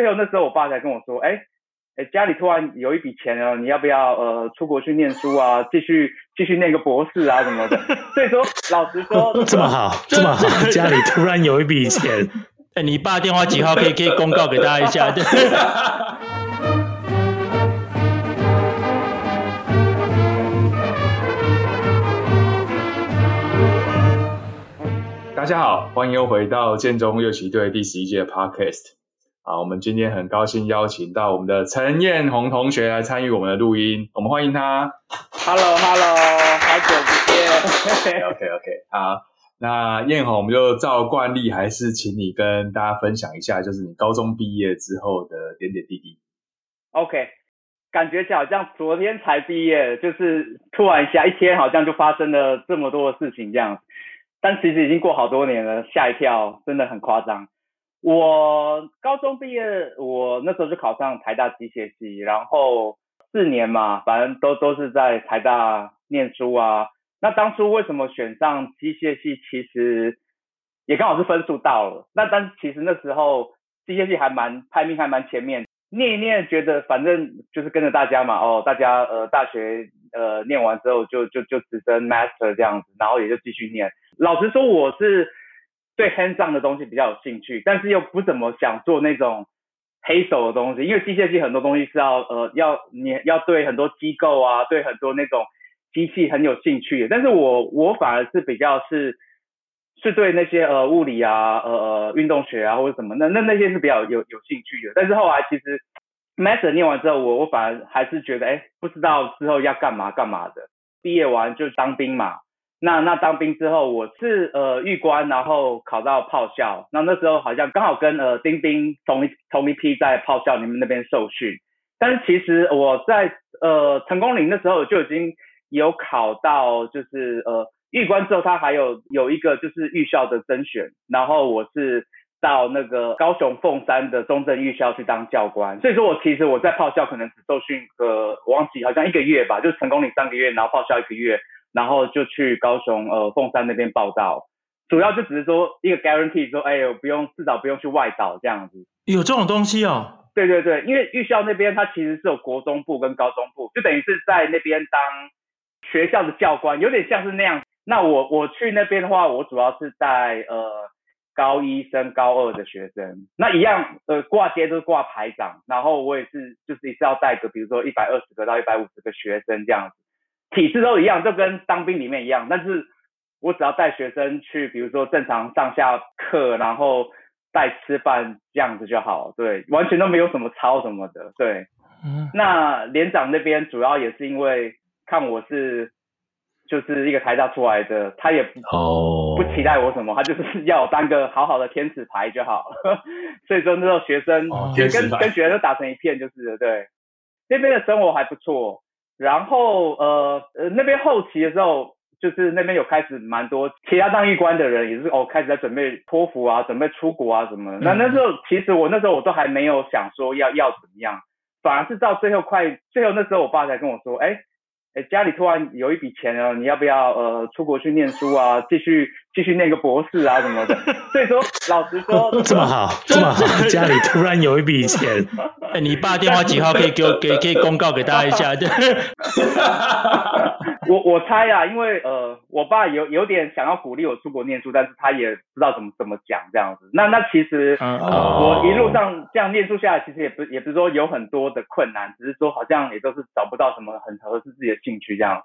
最後那時候，我爸才跟我說：“哎、欸，哎、欸，家裡突然有一筆錢了，你要不要呃出國去念書啊？繼續繼續念個博士啊什麼的。”所以說，老實說， 這麼好，這麼好，家裡突然有一筆錢，哎、 欸，你爸電話幾號？可以可以公告給大家一下。 大家好，歡迎又回到建中樂器隊第十一屆的 Podcast。好，我們今天很高興邀請到我們的陳彥宏同學來參與我們的錄音，我們歡迎他。Hello，Hello，好久不見。OK，OK，好，那彥宏，我們就照慣例，還是請你跟大家分享一下，就是你高中畢業之後的點點滴滴。OK，感覺像好像昨天才畢業，就是突然一下一天，好像就發生了這麼多的事情這樣，但其實已經過好多年了，嚇一跳，真的很誇張。我高中畢業，我那時候就考上台大機械系，然後四年嘛，反正都都是在台大念書啊。那當初為什麼選上機械系？其實也剛好是分數到了。那但其實那時候機械系還蠻排名還蠻前面，念一念覺得反正就是跟着大家嘛。哦，大家呃大學呃念完之後就就就直升 master 這樣子，然後也就繼續念。老實說，我是。對 hands-on 的東西比較有興趣，但是又不怎麼想做那種黑手的東西，因為機械系很多東西是要呃要你要對很多機構啊，對很多那種機器很有興趣的。但是我我反而是比較是是對那些呃物理啊呃運動學啊或者什麼那那那些是比較有有興趣的。但是後來其實 master 念完之後，我我反而還是覺得誒不知道之後要幹嘛幹嘛的，畢業完就當兵嘛。那那當兵之後，我是呃預官，然後考到炮校那那時候好像剛好跟呃丁兵同一同一批在炮校你們那邊受訓，但是其實我在呃成功嶺的時候就已經有考到，就是呃預官之後，他還有有一個就是預校的甄選，然後我是到那個高雄鳳山的中正預校去當教官，所以說我其實我在炮校可能只受訓呃，我忘記好像一個月吧，就成功嶺三個月，然後炮校一個月。然後就去高雄，呃，鳳山那邊報到，主要就只是說一個 guarantee，說，哎呦，我不用，至少不用去外島這樣子。有這種東西哦？對對對，因為預校那邊它其實是有國中部跟高中部，就等於是在那邊當學校的教官，有點像是那樣。那我我去那邊的話，我主要是帶呃高一生、升高二的學生，那一樣，呃，掛階都是掛排長，然後我也是，就是一次要帶個，比如說一百二十個到一百五十個學生這樣子。體制都一樣，就跟當兵裡面一樣，但是我只要帶學生去，比如說正常上下課，然後帶吃飯這樣子就好，對，完全都沒有什麼操什麼的，對。嗯、那連長那邊主要也是因為看我是就是一個台大出來的，他也不、哦、不期待我什麼，他就是要我當個好好的天使牌就好，呵呵，所以說那時候學生跟跟學生打成一片就是了，對，那邊的生活還不錯。然後呃呃那邊後期的時候，就是那邊有開始蠻多其他當預官的人，也是哦開始在準備托福啊，準備出國啊什麼。那、嗯、那時候其實我那時候我都還沒有想說要要怎麼樣，反而是到最後快最後那時候，我爸才跟我說，哎哎家裡突然有一筆錢了，你要不要呃出國去念書啊，繼續。繼續念個博士啊什麼的，所以說老實說， 對這麼好，這麼好，家裡突然有一筆錢，哎、 欸，你爸電話幾號可以給我給 可，可以公告給大家一下？對 我我猜啊，因為呃，我爸有有點想要鼓勵我出國念書，但是他也不知道怎麼怎麼講這樣子。那那其實、呃、我一路上這樣念書下來，其實也不也不是說有很多的困難，只是說好像也都是找不到什麼很合適自己的興趣這樣。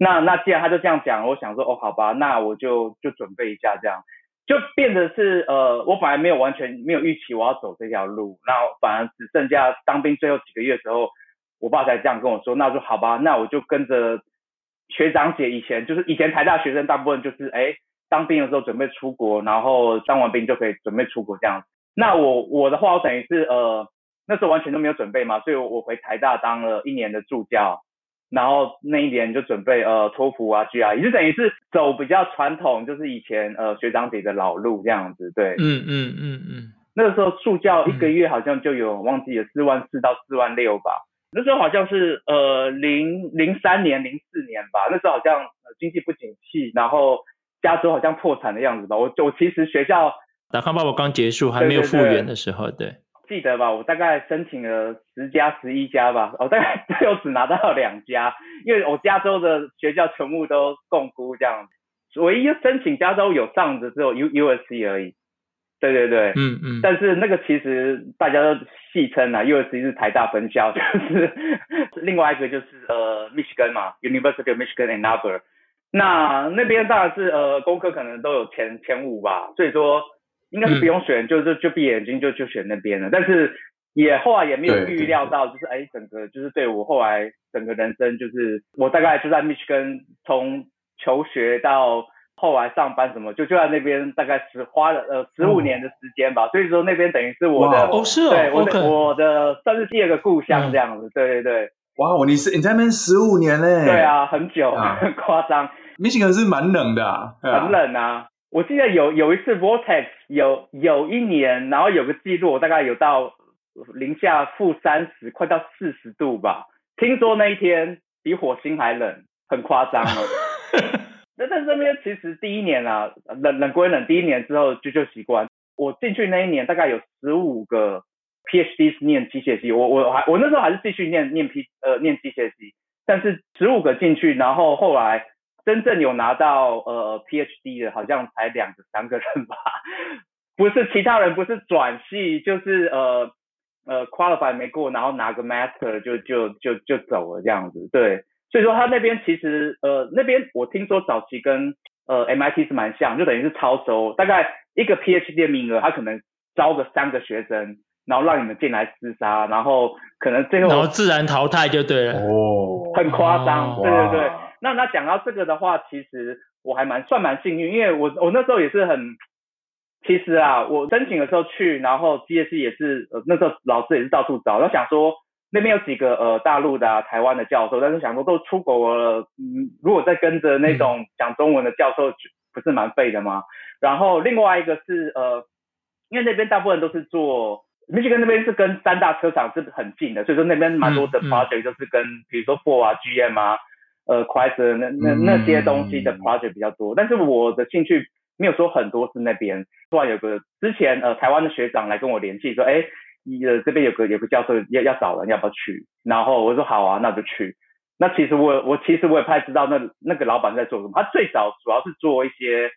那那既然他就這樣講，我想說哦，好吧，那我就就準備一下這樣，就變得是呃，我反而沒有完全沒有預期我要走這條路，那反而只剩下當兵最後幾個月的時候，我爸才這樣跟我說，那我就好吧，那我就跟着學長姐，以前就是以前台大學生大部分就是哎、欸、當兵的時候準備出國，然後當完兵就可以準備出國這樣，那我我的話我等於是呃那時候完全都沒有準備嘛，所以我我回台大當了一年的助教。然後那一年就準備呃托福啊 GRE，、啊、就等於是走比較傳統，就是以前呃學長姐的老路這樣子，對。嗯嗯嗯嗯。嗯嗯嗯那個時候助教一個月好像就有、嗯、忘記了四萬四到四萬六吧，那時候好像是呃零零三年零四年吧，那時候好像經濟不景氣，然後加州好像破產的樣子吧，我我其實學校打開爸爸剛結束還沒有復原的時候，對，對，對。對記得吧，我大概申請了十家、十一家吧，哦，大概最後只，只拿到兩家，因為我加州的學校全部都槓龜這樣子，唯一申請加州有上的只有 U U S C 而已，對對對，嗯嗯，嗯，但是那個其實大家都戲稱啊 U S C 是台大分校，就是另外一個就是呃密西根嘛，University of Michigan and Ann Arbor 那那邊當然是呃工科可能都有前前五吧，所以說。應該是不用選，就就就閉眼睛就就選那邊了。但是也後來也沒有預料到，就是哎，整個就是對我後來整個人生，就是我大概是在 Michigan 從求學到後來上班什麼，就就在那邊大概是花了呃十五年的時間吧。所以說那邊等於是我的哦是哦，對，我我的算是第二個故鄉這樣子，對對對。哇，你是你在那邊十五年嘞？對啊，很久，很誇張。Michigan 是蠻冷的，很冷啊。我記得有有一次 Vortex。有有一年，然後有個記錄，我大概有到零下負三十，30, 快到四十度吧。聽說那一天比火星還冷，很誇張了。 那在這邊其實第一年啊，冷冷歸冷，第一年之後就就習慣。我進去那一年，大概有十五個 PhD 念機械系，我我還我那時候還是繼續念念 P 呃念機械系，但是十五個進去，然後後來。真正有拿到呃 PhD 的，好像才兩個三個人吧， 不是其他人不是轉系，就是呃呃 qualify 沒過，然後拿個 master 就就就就走了這樣子。對，所以說他那邊其實呃那邊我聽說早期跟呃 MIT 是蠻像，就等於是超收，大概一個 PhD 的名額，他可能招個三個學生，然後讓你們進來廝殺，然後可能最後然後自然淘汰就對了，哦，很誇張，哦、對對對。那那講到這個的話，其實我還蠻算蠻幸運，因為我我那時候也是很，其實啊，我申請的時候去，然後 g s c 也是呃那時候老師也是到處找，然後想說那邊有幾個呃大陸的、啊、台灣的教授，但是想說都出國了，嗯，如果再跟着那種講中文的教授，嗯、不是蠻廢的嗎？然後另外一個是呃，因為那邊大部分都是做，密西根那邊是跟三大車廠是很近的，所以說那邊蠻多的 project、嗯嗯、就是跟，比如說 Ford 啊、GM 啊。呃快 u 那那那些東西的 project 比較多，嗯、但是我的興趣沒有說很多是那邊。突然有個之前呃台灣的學長來跟我聯繫說，哎，呃這邊有個有個教授要要找人，要不要去？然後我說好啊，那我就去。那其實我我其實我也不太知道那那個老闆在做什麼。他最早主要是做一些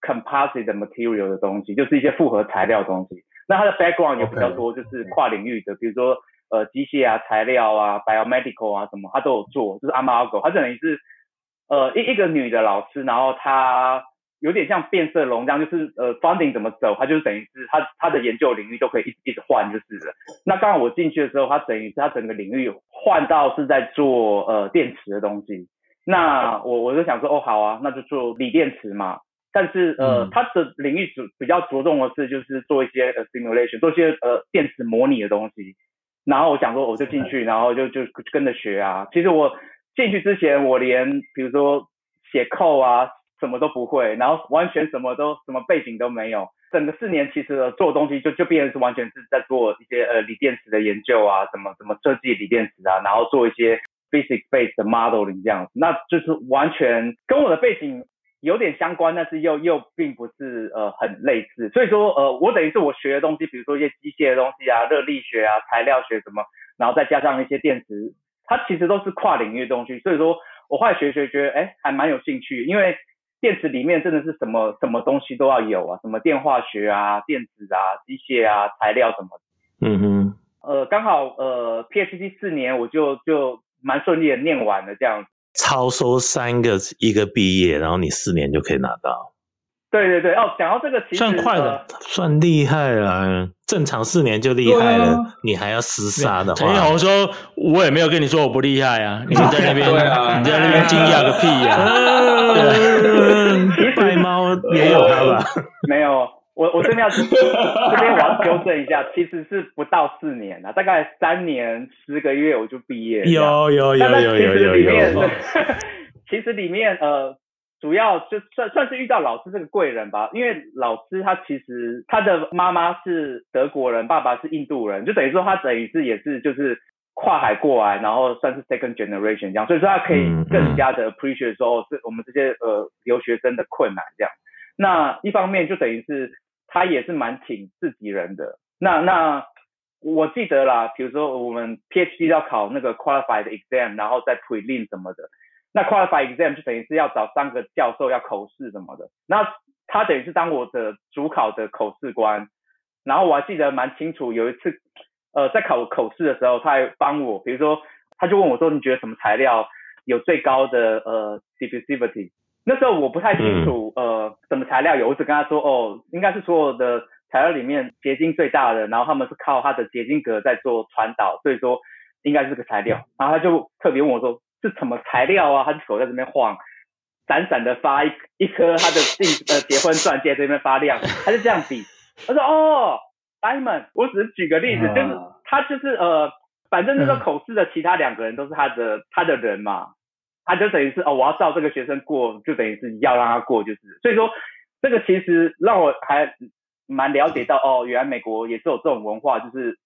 composite material 的東西，就是一些複合材料的東西。那他的 background 也比較多 okay, 就是跨領域的，okay. 比如說。呃，機械啊、材料啊、biomedical 啊什麼，他都有做。就是 Amargo，他等於是呃一一個女的老師，然後她有點像變色龍，這樣就是呃 funding 怎麼走，他就等於是他他的研究領域都可以一直一直換就是的。那剛好我進去的時候，他等於是他整個領域換到是在做呃電池的東西。那我我就想說，哦好啊，那就做鋰電池嘛。但是呃，他、嗯、的領域主比較着重的是就是做一些呃 simulation，做一些呃電池模擬的東西。然後我想說，我就進去，然後就就跟着學啊。其實我進去之前，我連比如說寫 code 啊，什麼都不會，然後完全什麼都什麼背景都沒有。整個四年其實做東西就就變成是完全是在做一些呃鋰電池的研究啊，什麼什麼設計鋰電池啊，然後做一些 physics-based modeling 這樣子，那就是完全跟我的背景。有點相關，但是又又並不是呃很類似，所以說呃我等於是我學的東西，比如說一些機械的東西啊、熱力學啊、材料學什麼，然後再加上一些電池，它其實都是跨領域的東西，所以說我後來學學覺得哎、欸、還蠻有興趣，因為電池裡面真的是什麼什麼東西都要有啊，什麼電化學啊、電子啊、機械啊、材料什麼，嗯哼，呃剛好呃 PhD 四年我就就蠻順利的念完了這樣子。超收三個，一個畢業，然後你四年就可以拿到。對對對，哦，講到這個，其實算快了，算厲害了。正常四年就厲害了，你還要厮殺的。陳一鴻說：“我也沒有跟你說我不厲害呀，你在那邊，你在那邊驚訝個屁呀！”白貓也有他吧？沒有。 我我這邊要這邊我要糾正一下，其實是不到四年啦，大概三年十個月我就畢業了有。有有有有有有有。其實裡面，呃，主要就算算是遇到老師這個貴人吧，因為老師他其實他的媽媽是德國人，爸爸是印度人，就等於說他等於是也是就是跨海過來，然後算是 second generation 這樣，所以說他可以更加的 appreciate 說是我們這些呃留學生的困難這樣。那一方面就等於是。他也是蠻挺自己人的。那那我記得啦，比如說我們 PhD 要考那個 Qualified Exam，然後再 Prelim 什麼的。那 Qualified Exam 就等於是要找三個教授要口試什麼的。那他等於是當我的主考的口試官。然後我還記得蠻清楚，有一次，呃，在考口試的時候，他還幫我，比如說他就問我說：“你覺得什麼材料有最高的呃 diffusivity 那時候我不太清楚，嗯、呃，什麼材料有。我只跟他說，哦，應該是所有的材料裡面結晶最大的，然後他們是靠它的結晶格在做傳導，所以說應該是這個材料。然後他就特別問我說，是什麼材料啊？他的手在這邊晃，閃閃的發一一顆他的訂呃結婚鑽戒在這邊發亮，他就這樣比。他說，哦，diamond。我只是舉個例子，嗯、就是他就是呃，反正那個口試的其他兩個人都是他的、嗯、他的人嘛。他、啊、就等於是哦，我要照這個學生過，就等於是要讓他過，就是。所以說，這個其實讓我還蠻了解到哦，原來美國也是有這種文化，就是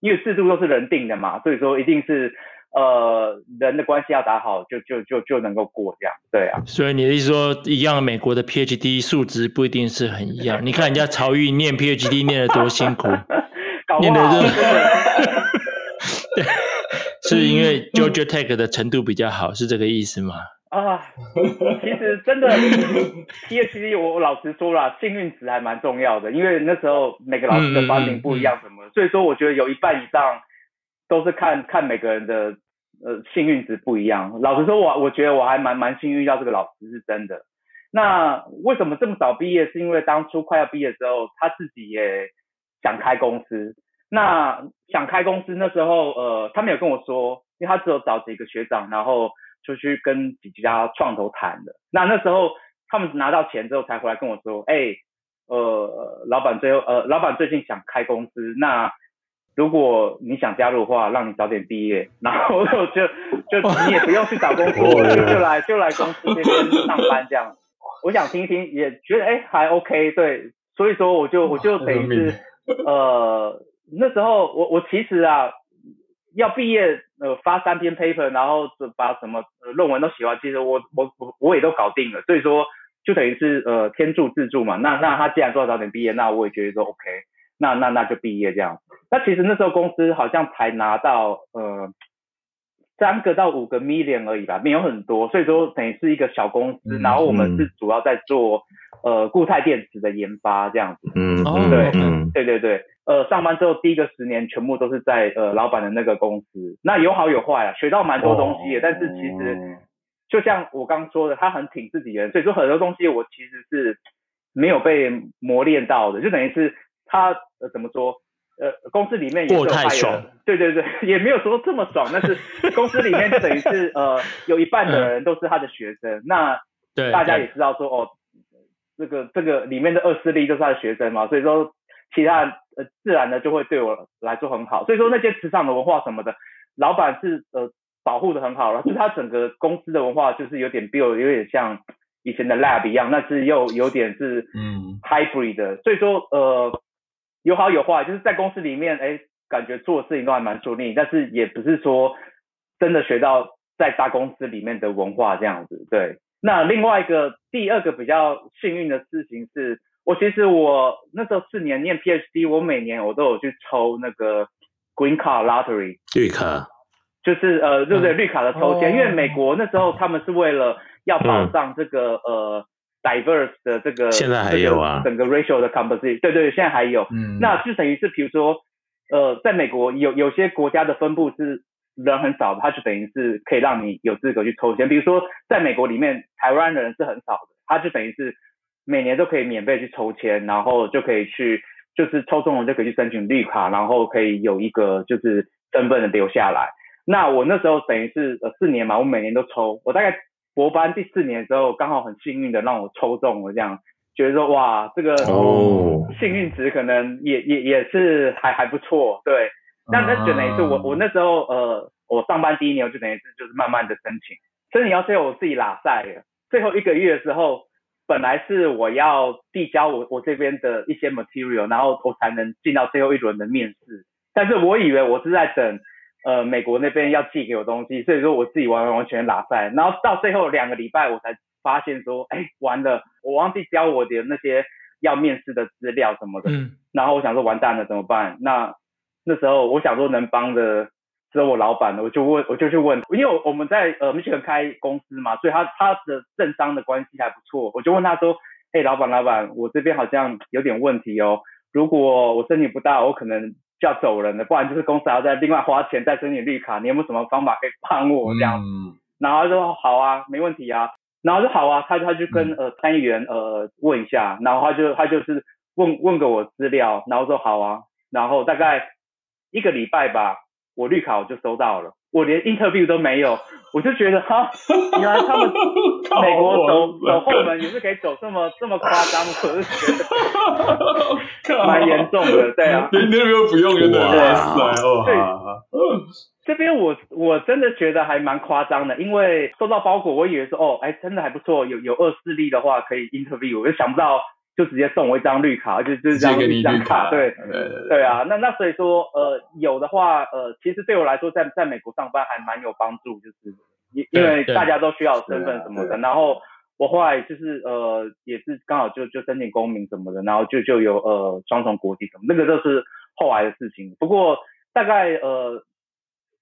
因為制度都是人定的嘛，所以說一定是呃人的關係要打好，就就就就能夠過這樣。對啊。所以你的意思說，一樣美國的 PhD 素質不一定是很一樣。 你看人家曹玉念 PhD 念得多辛苦， 好念得。 是因為 Georgia Tech 的程度比較好，嗯、是這個意思嗎？啊，其實真的因為其實我老實說啦，幸運值還蠻重要的，因為那時候每個老師的發名不一樣，什麼的，嗯嗯嗯、所以說我覺得有一半以上都是看看每個人的呃幸運值不一樣。老實說我，我覺得我還蠻蠻幸運遇到這個老師是真的。那為什麼這麼早畢業？是因為當初快要畢業的時候，他自己也想開公司。那想開公司那時候，呃，他沒有跟我說，因為他只有找幾個學長，然後就去跟幾家創投談的。那那時候他們拿到錢之後，才回來跟我說，哎、欸，呃，老板最後，呃，老板最近想開公司，那如果你想加入的話，讓你早點畢業，然後就就,就你也不用去找工作，哇 就來 就來公司這邊上班這樣。我想聽一聽，也覺得哎、欸、還 OK，對，所以說我就我就等於是呃。那時候我我其實啊要畢業，呃發三篇 paper，然後把什麼論文都寫完，其實我我我我也都搞定了，所以說就等於是呃天助自助嘛。那那他既然說要早點畢業，那我也覺得說 OK，那那那就畢業這樣。那其實那時候公司好像才拿到呃。三個到五個 million 而已吧，沒有很多，所以說等於是一個小公司。嗯、然後我們是主要在做、嗯、呃固態電池的研發這樣子。嗯，對，嗯、對對對。呃，上班之後第一個十年全部都是在呃老闆的那個公司，那有好有壞啊，學到蠻多東西、哦、但是其實就像我剛剛說的，他很挺自己人，所以說很多東西我其實是沒有被磨練到的，就等於是他呃怎麼說？呃，公司裡面也是，太爽，對對對，也沒有說這麼爽， 但是公司裡面就等於是呃，有一半的人都是他的學生， 那對大家也知道說哦，這個這個裡面的惡勢力就是他的學生嘛，所以說其他呃自然的就會對我來說很好，所以說那些職場的文化什麼的，老闆是呃保護的很好了，就是他整個公司的文化就是有點 build 有點像以前的 lab 一樣，那是又有點是嗯 hybrid 的，所以說呃。有好有壞，就是在公司裡面，誒感覺做事情都還蠻順利，但是也不是說真的學到在大公司裡面的文化這樣子。對，那另外一個第二個比較幸運的事情是我其實我那時候四年念 PhD，我每年我都有去抽那個 Green Card Lottery 綠卡，就是呃對不對，綠卡的抽籤，嗯、因為美國那時候他們是為了要保障這個、嗯、呃。Diverse 的這個現在還有啊，這個整個 racial 的 composition，對對，現在還有。嗯，那就等於是，比如說，呃，在美國有有些國家的分布是人很少的，它就等於是可以讓你有資格去抽籤。比如說，在美國裡面，台灣的人是很少的，它就等於是每年都可以免費去抽籤，然後就可以去，就是抽中了就可以去申請綠卡，然後可以有一個就是身份的留下來。那我那時候等於是呃四年嘛，我每年都抽，我大概。博班第四年的時候，剛好很幸運的讓我抽中了，這樣覺得說哇，這個幸運值可能也也也是還還不錯。對，那那等於是我我那時候呃，我上班第一年我就等於是就是慢慢的申請，所以你要最後我自己拉賽了，最後一個月的時候，本來是我要遞交我我這邊的一些 material，然後我才能進到最後一輪的面試，但是我以為我是在等。呃，美國那邊要寄給我東西，所以說我自己完完全全拉賽，然後到最後兩個禮拜，我才發現說，哎、欸，完了，我忘記交我的那些要面試的資料什麼的。嗯、然後我想說，完蛋了怎麼辦？那那時候我想說能幫的只有我老闆，我就問，我就去問，因為我們在呃 Michigan 開公司嘛，所以他他的政商的關係還不錯，我就問他說，誒老闆，老闆，我這邊好像有點問題哦，如果我申請不到，我可能。就要走人了，不然就是公司還要再另外花錢再申請綠卡。你有沒有什麼方法可以幫我這樣？然後他說好啊，沒問題啊，然後就好啊，他他就跟呃參議員呃問一下，然後他就他就是問問個我資料，然後說好啊，然後大概一個禮拜吧，我綠卡我就收到了。我連 interview 都沒有，我就覺得哈，原來他們美國走 走後門也是可以走這麼這麼誇張，我就覺得蠻嚴 重的，對啊。那邊不用用對啊。對，這邊我我真的覺得還蠻誇張的，因為收到包裹，我以為說哦，哎、欸，真的還不錯，有有二四力的話可以 interview，我就想不到。就直接送我一張綠卡，就就這張綠卡，直接給你一張卡，對對，對，對，對啊，那那所以說，呃，有的話，呃，其實對我來說，在在美國上班還蠻有幫助，就是因因為大家都需要有身份什麼的。對對對，然後我後來就是呃，也是剛好就就申請公民什麼的，然後就就有呃雙重國籍什麼的，那個都是後來的事情。不過大概呃，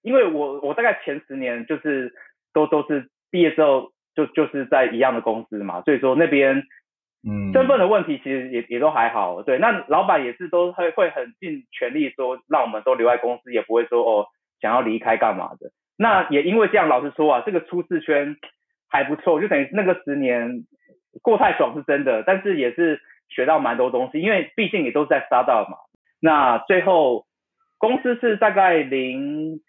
因為我我大概前十年就是都都是畢業之後就就是在一樣的公司嘛，所以說那邊。嗯，身份的問題其實也也都還好，對，那老闆也是都會會很盡全力說讓我們都留在公司，也不會說哦想要離開幹嘛的。那也因為這樣，老實說啊，這個初次圈還不錯，就等於那個十年過太爽是真的，但是也是學到蠻多東西，因為畢竟也都是在 startup 嘛。那最後公司是大概零。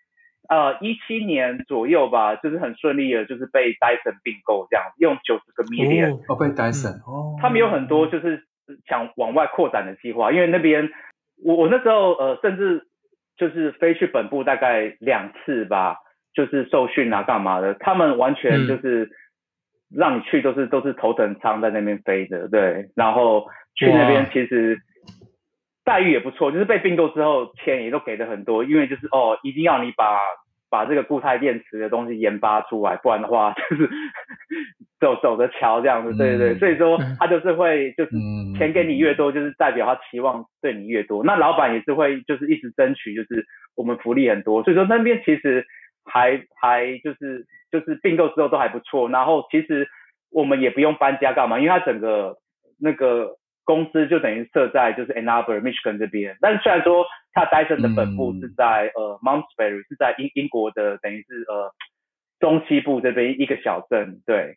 呃，一七年左右吧，就是很順利的，就是被戴森併購這樣，用九十個 million，哦，哦，被戴森，哦，他們有很多就是想往外擴展的計劃，因為那邊，我我那時候呃，甚至就是飛去本部大概兩次吧，就是受訓啊，幹嘛的，他們完全就是讓你去都是、嗯、都是頭等艙在那邊飛的，對，然後去那邊其實。待遇也不錯，就是被併購之後錢也都給的很多，因為就是哦，一定要你把把這個固態電池的東西研發出來，不然的話就是呵呵走走着瞧這樣子，嗯、對對對，所以說他就是會就是錢給你越多，嗯、就是代表他期望對你越多，那老板也是會就是一直爭取，就是我們福利很多，所以說那邊其實還還就是就是併購之後都還不錯，然後其實我們也不用搬家幹嘛，因為他整個那個。公司就等於設在就是 Ann Arbor, Michigan 這邊，但雖然說它 Dyson 的本部是在、嗯、呃 Mountsbury 是在英英國的等於是呃中西部這邊一個小鎮，對。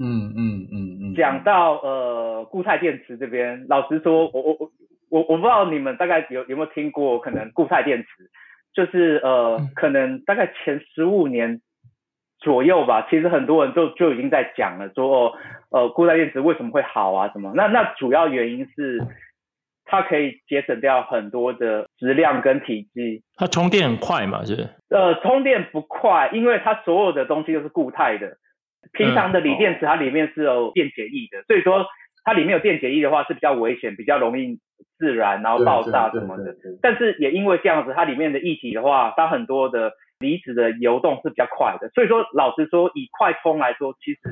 嗯嗯嗯嗯。嗯嗯嗯講到呃固態電池這邊，老實說，我我我我我不知道你們大概有有沒有聽過，可能固態電池就是呃可能大概前十五年。左右吧，其實很多人都就已經在講了說，說呃，固態電池為什麼會好啊？什麼？那那主要原因是它可以節省掉很多的質量跟體積。它充電很快嘛？是不是？呃，充電不快，因為它所有的東西都是固態的。平常的鋰電池，它裡面是有電解液的，嗯哦、所以說它裡面有電解液的話是比較危險，比較容易自燃然，然後爆炸什麼的。但是也因為這樣子，它裡面的液體的話，它很多的。離子的游動是比較快的，所以說老實說，以快充來說，其實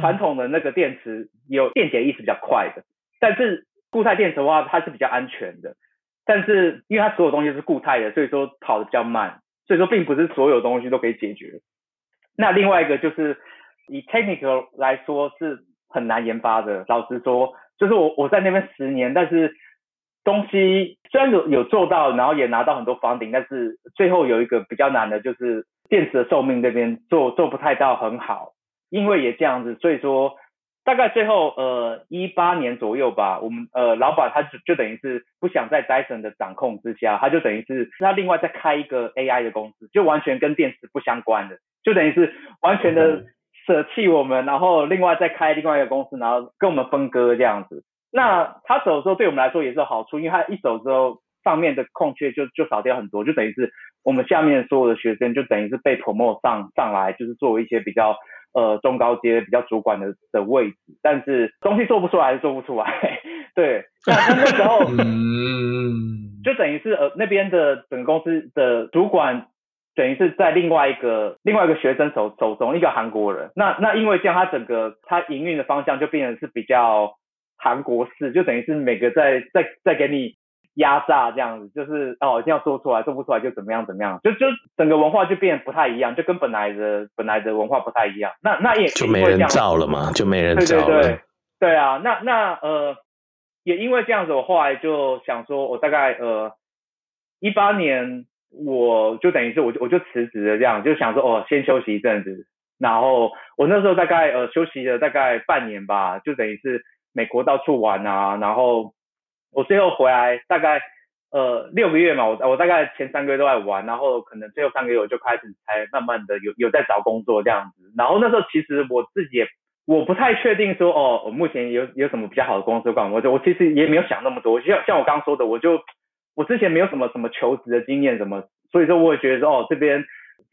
傳統的那個電池有電解液是比較快的，但是固態電池的話，它是比較安全的，但是因為它所有東西是固態的，所以說跑的比較慢，所以說並不是所有東西都可以解決。那另外一個就是以 technical 來說是很難研發的，老實說，就是我我在那邊十年，但是。東西雖然有有做到，然後也拿到很多 funding，但是最後有一個比較難的就是電池的壽命，這邊做做不太到很好，因為也這樣子，所以說大概最後呃18年左右吧，我們呃老闆他就就等於是不想在 Dyson 的掌控之下，他就等於是他另外再開一個 AI 的公司，就完全跟電池不相關的，就等於是完全的捨棄我們，然後另外再開另外一個公司，然後跟我們分割這樣子。那他走的時候對我們來說也是有好處，因為他一走之後，上面的空缺就就少掉很多，就等於是我們下面所有的學生，就等於是被 promote 上上來，就是作為一些比較呃中高階比較主管的的位置。但是東西做不出來是做不出來， 對。那，那時候 就等於是呃那邊的整個公司的主管，等於是在另外一個另外一個學生手手中，一個韓國人。那那因為這樣，他整個他營運的方向就變成是比較。韓國式就等於是每個在在在給你壓榨這樣子，就是哦一定要說出來，做不出來就怎麼樣怎麼樣，就就整個文化就變不太一樣，就跟本來的本來的文化不太一樣。那那也，也就沒人造了嘛，就沒人造了。對對對，對啊，那那呃，也因為這樣子，我後來就想說，我大概呃一八年我我，我就等於是我就我就辭職了，這樣就想說哦，呃，先休息一陣子，然後我那時候大概呃休息了大概半年吧，就等於是。美國到處玩啊，然後我最後回來大概呃六個月嘛，我我大概前三個月都在玩，然後可能最後三個月我就開始才慢慢的有有在找工作這樣子，然後那時候其實我自己也我不太確定說哦，我目前有有什麼比較好的公司管我，我其實也沒有想那麼多，像像我剛剛說的，我就我之前沒有什麼什麼求職的經驗什麼，所以說我也覺得說哦這邊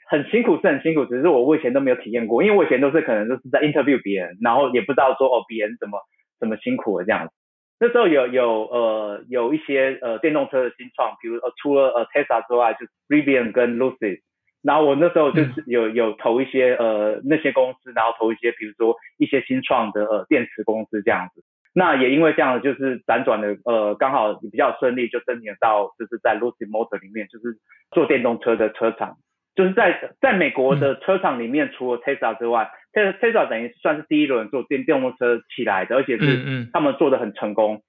很辛苦是很辛苦，只是我我以前都沒有體驗過，因為我以前都是可能都是在 interview 別人，然後也不知道說哦別人怎麼。怎麼辛苦啊？這樣子，那時候有有呃有一些呃電動車的新創，比如說、呃、除了呃 Tesla 之外，就是 Rivian 跟 Lucid。然後我那時候就是有、嗯、有，有投一些呃那些公司，然後投一些比如說一些新創的呃電池公司這樣子。那也因為這樣，就是輾轉的呃剛好也比較順利，就申請到就是在 Lucid Motor 裡面，就是做電動車的車廠。就是在在美國的車廠裡面，嗯、除了 Tesla 之外，嗯、Tesla 等於算是第一輪做電動車起來的，而且是他們做的很成功。嗯嗯、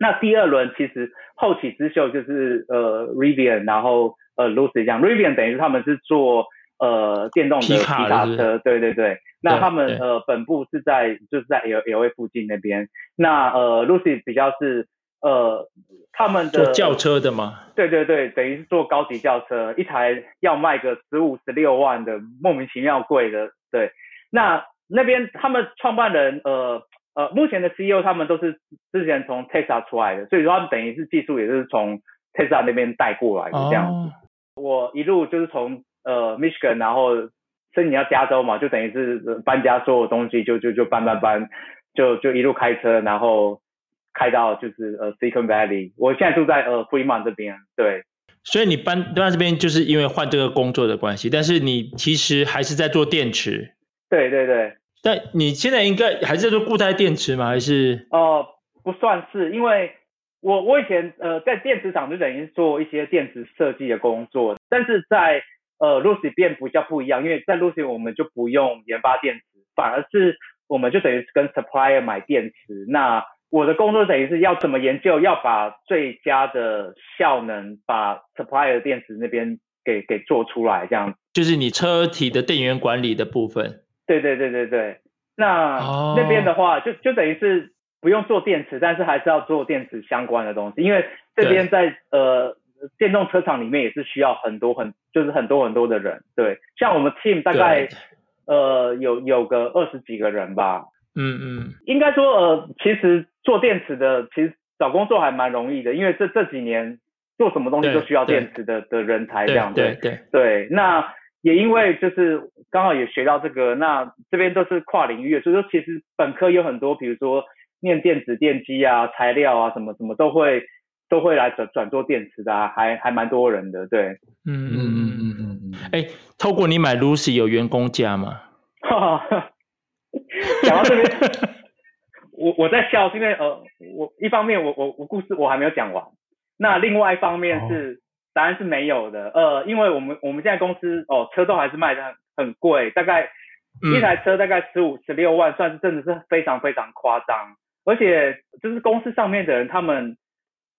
那第二輪其實後起之秀就是呃 Rivian，然後呃 Lucid 這樣，Rivian 等於是他們是做呃電動的皮卡車，卡對對對。對那他們對呃對本部是在就是在 LA 附近那邊。那呃 Lucid 比較是。呃，他們的做轎車的嗎？對對對，等於是做高級轎車，一台要賣個十五十六萬的，莫名其妙貴的。對，那那邊他們創辦人，呃呃，目前的 CEO 他們都是之前從 Tesla 出來的，所以說他們等於是技術也是從 Tesla 那邊帶過來的、哦、這樣子。我一路就是從呃 Michigan，然後申請要加州嘛，就等於是搬家，所有東西就就就，就搬搬搬，就就一路開車，然後。開到就是呃 Silicon Valley，我現在住在呃 Fremont 這邊，對。所以你搬搬到這邊就是因為換這個工作的關係，但是你其實還是在做電池。對對對。但你現在應該還是在做固態電池嗎？還是？哦、呃，不算是，因為我我以前呃在電池廠就等於做一些電池設計的工作，但是在呃 Lucy 邊比較不一樣，因為在 Lucy 我們就不用研發電池，反而是我們就等於是跟 supplier 買電池，那。我的工作等於是要怎麼研究，要把最佳的效能把 supplier 電池那邊給給做出來，這樣就是你車體的電源管理的部分。對對對對對，那、哦、那邊的話就就等於是不用做電池，但是還是要做電池相關的東西，因為這邊在對呃電動車廠裡面也是需要很多很就是很多很多的人。對，像我們 team 大概對呃有有個二十幾個人吧。嗯嗯，應該說呃，其實做電池的，其實找工作還蠻容易的，因為這這幾年做什麼東西都需要電池的對的人才這樣子對。對對對，那也因為就是剛好也學到這個，那這邊都是跨領域，所以說其實本科有很多，比如說念電子、電機啊、材料啊什麼什麼都會都會來轉轉做電池的啊，還還蠻多人的。對，嗯嗯嗯嗯嗯哎、嗯欸，透過你買 Lucy 有員工價嗎？ 講到這邊，我我在笑，是因為呃，我一方面我我我故事我還沒有講完，那另外一方面是答案是沒有的，oh. 呃，因為我們我們現在公司哦，車都還是賣的很貴，大概、mm. 一台車大概十五十六萬，算是真的是非常非常誇張，而且就是公司上面的人他們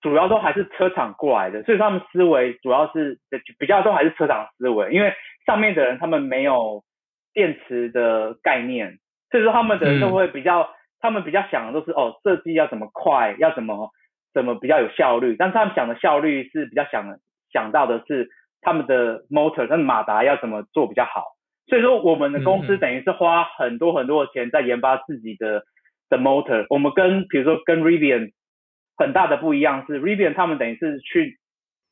主要都還是車廠過來的，所以他們思維主要是比較都還是車廠思維，因為上面的人他們沒有電池的概念。所以說，他們可能會比較，嗯、他們比較想的都是哦，設計要怎麼快，要怎麼怎麼比較有效率。但是他們想的效率是比較想想到的是他們的 motor，他們馬達要怎麼做比較好。所以說，我們的公司等於是花很多很多的錢在研發自己的、嗯、的 motor。我們跟比如說跟 Rivian 很大的不一樣是 Rivian 他們等於是去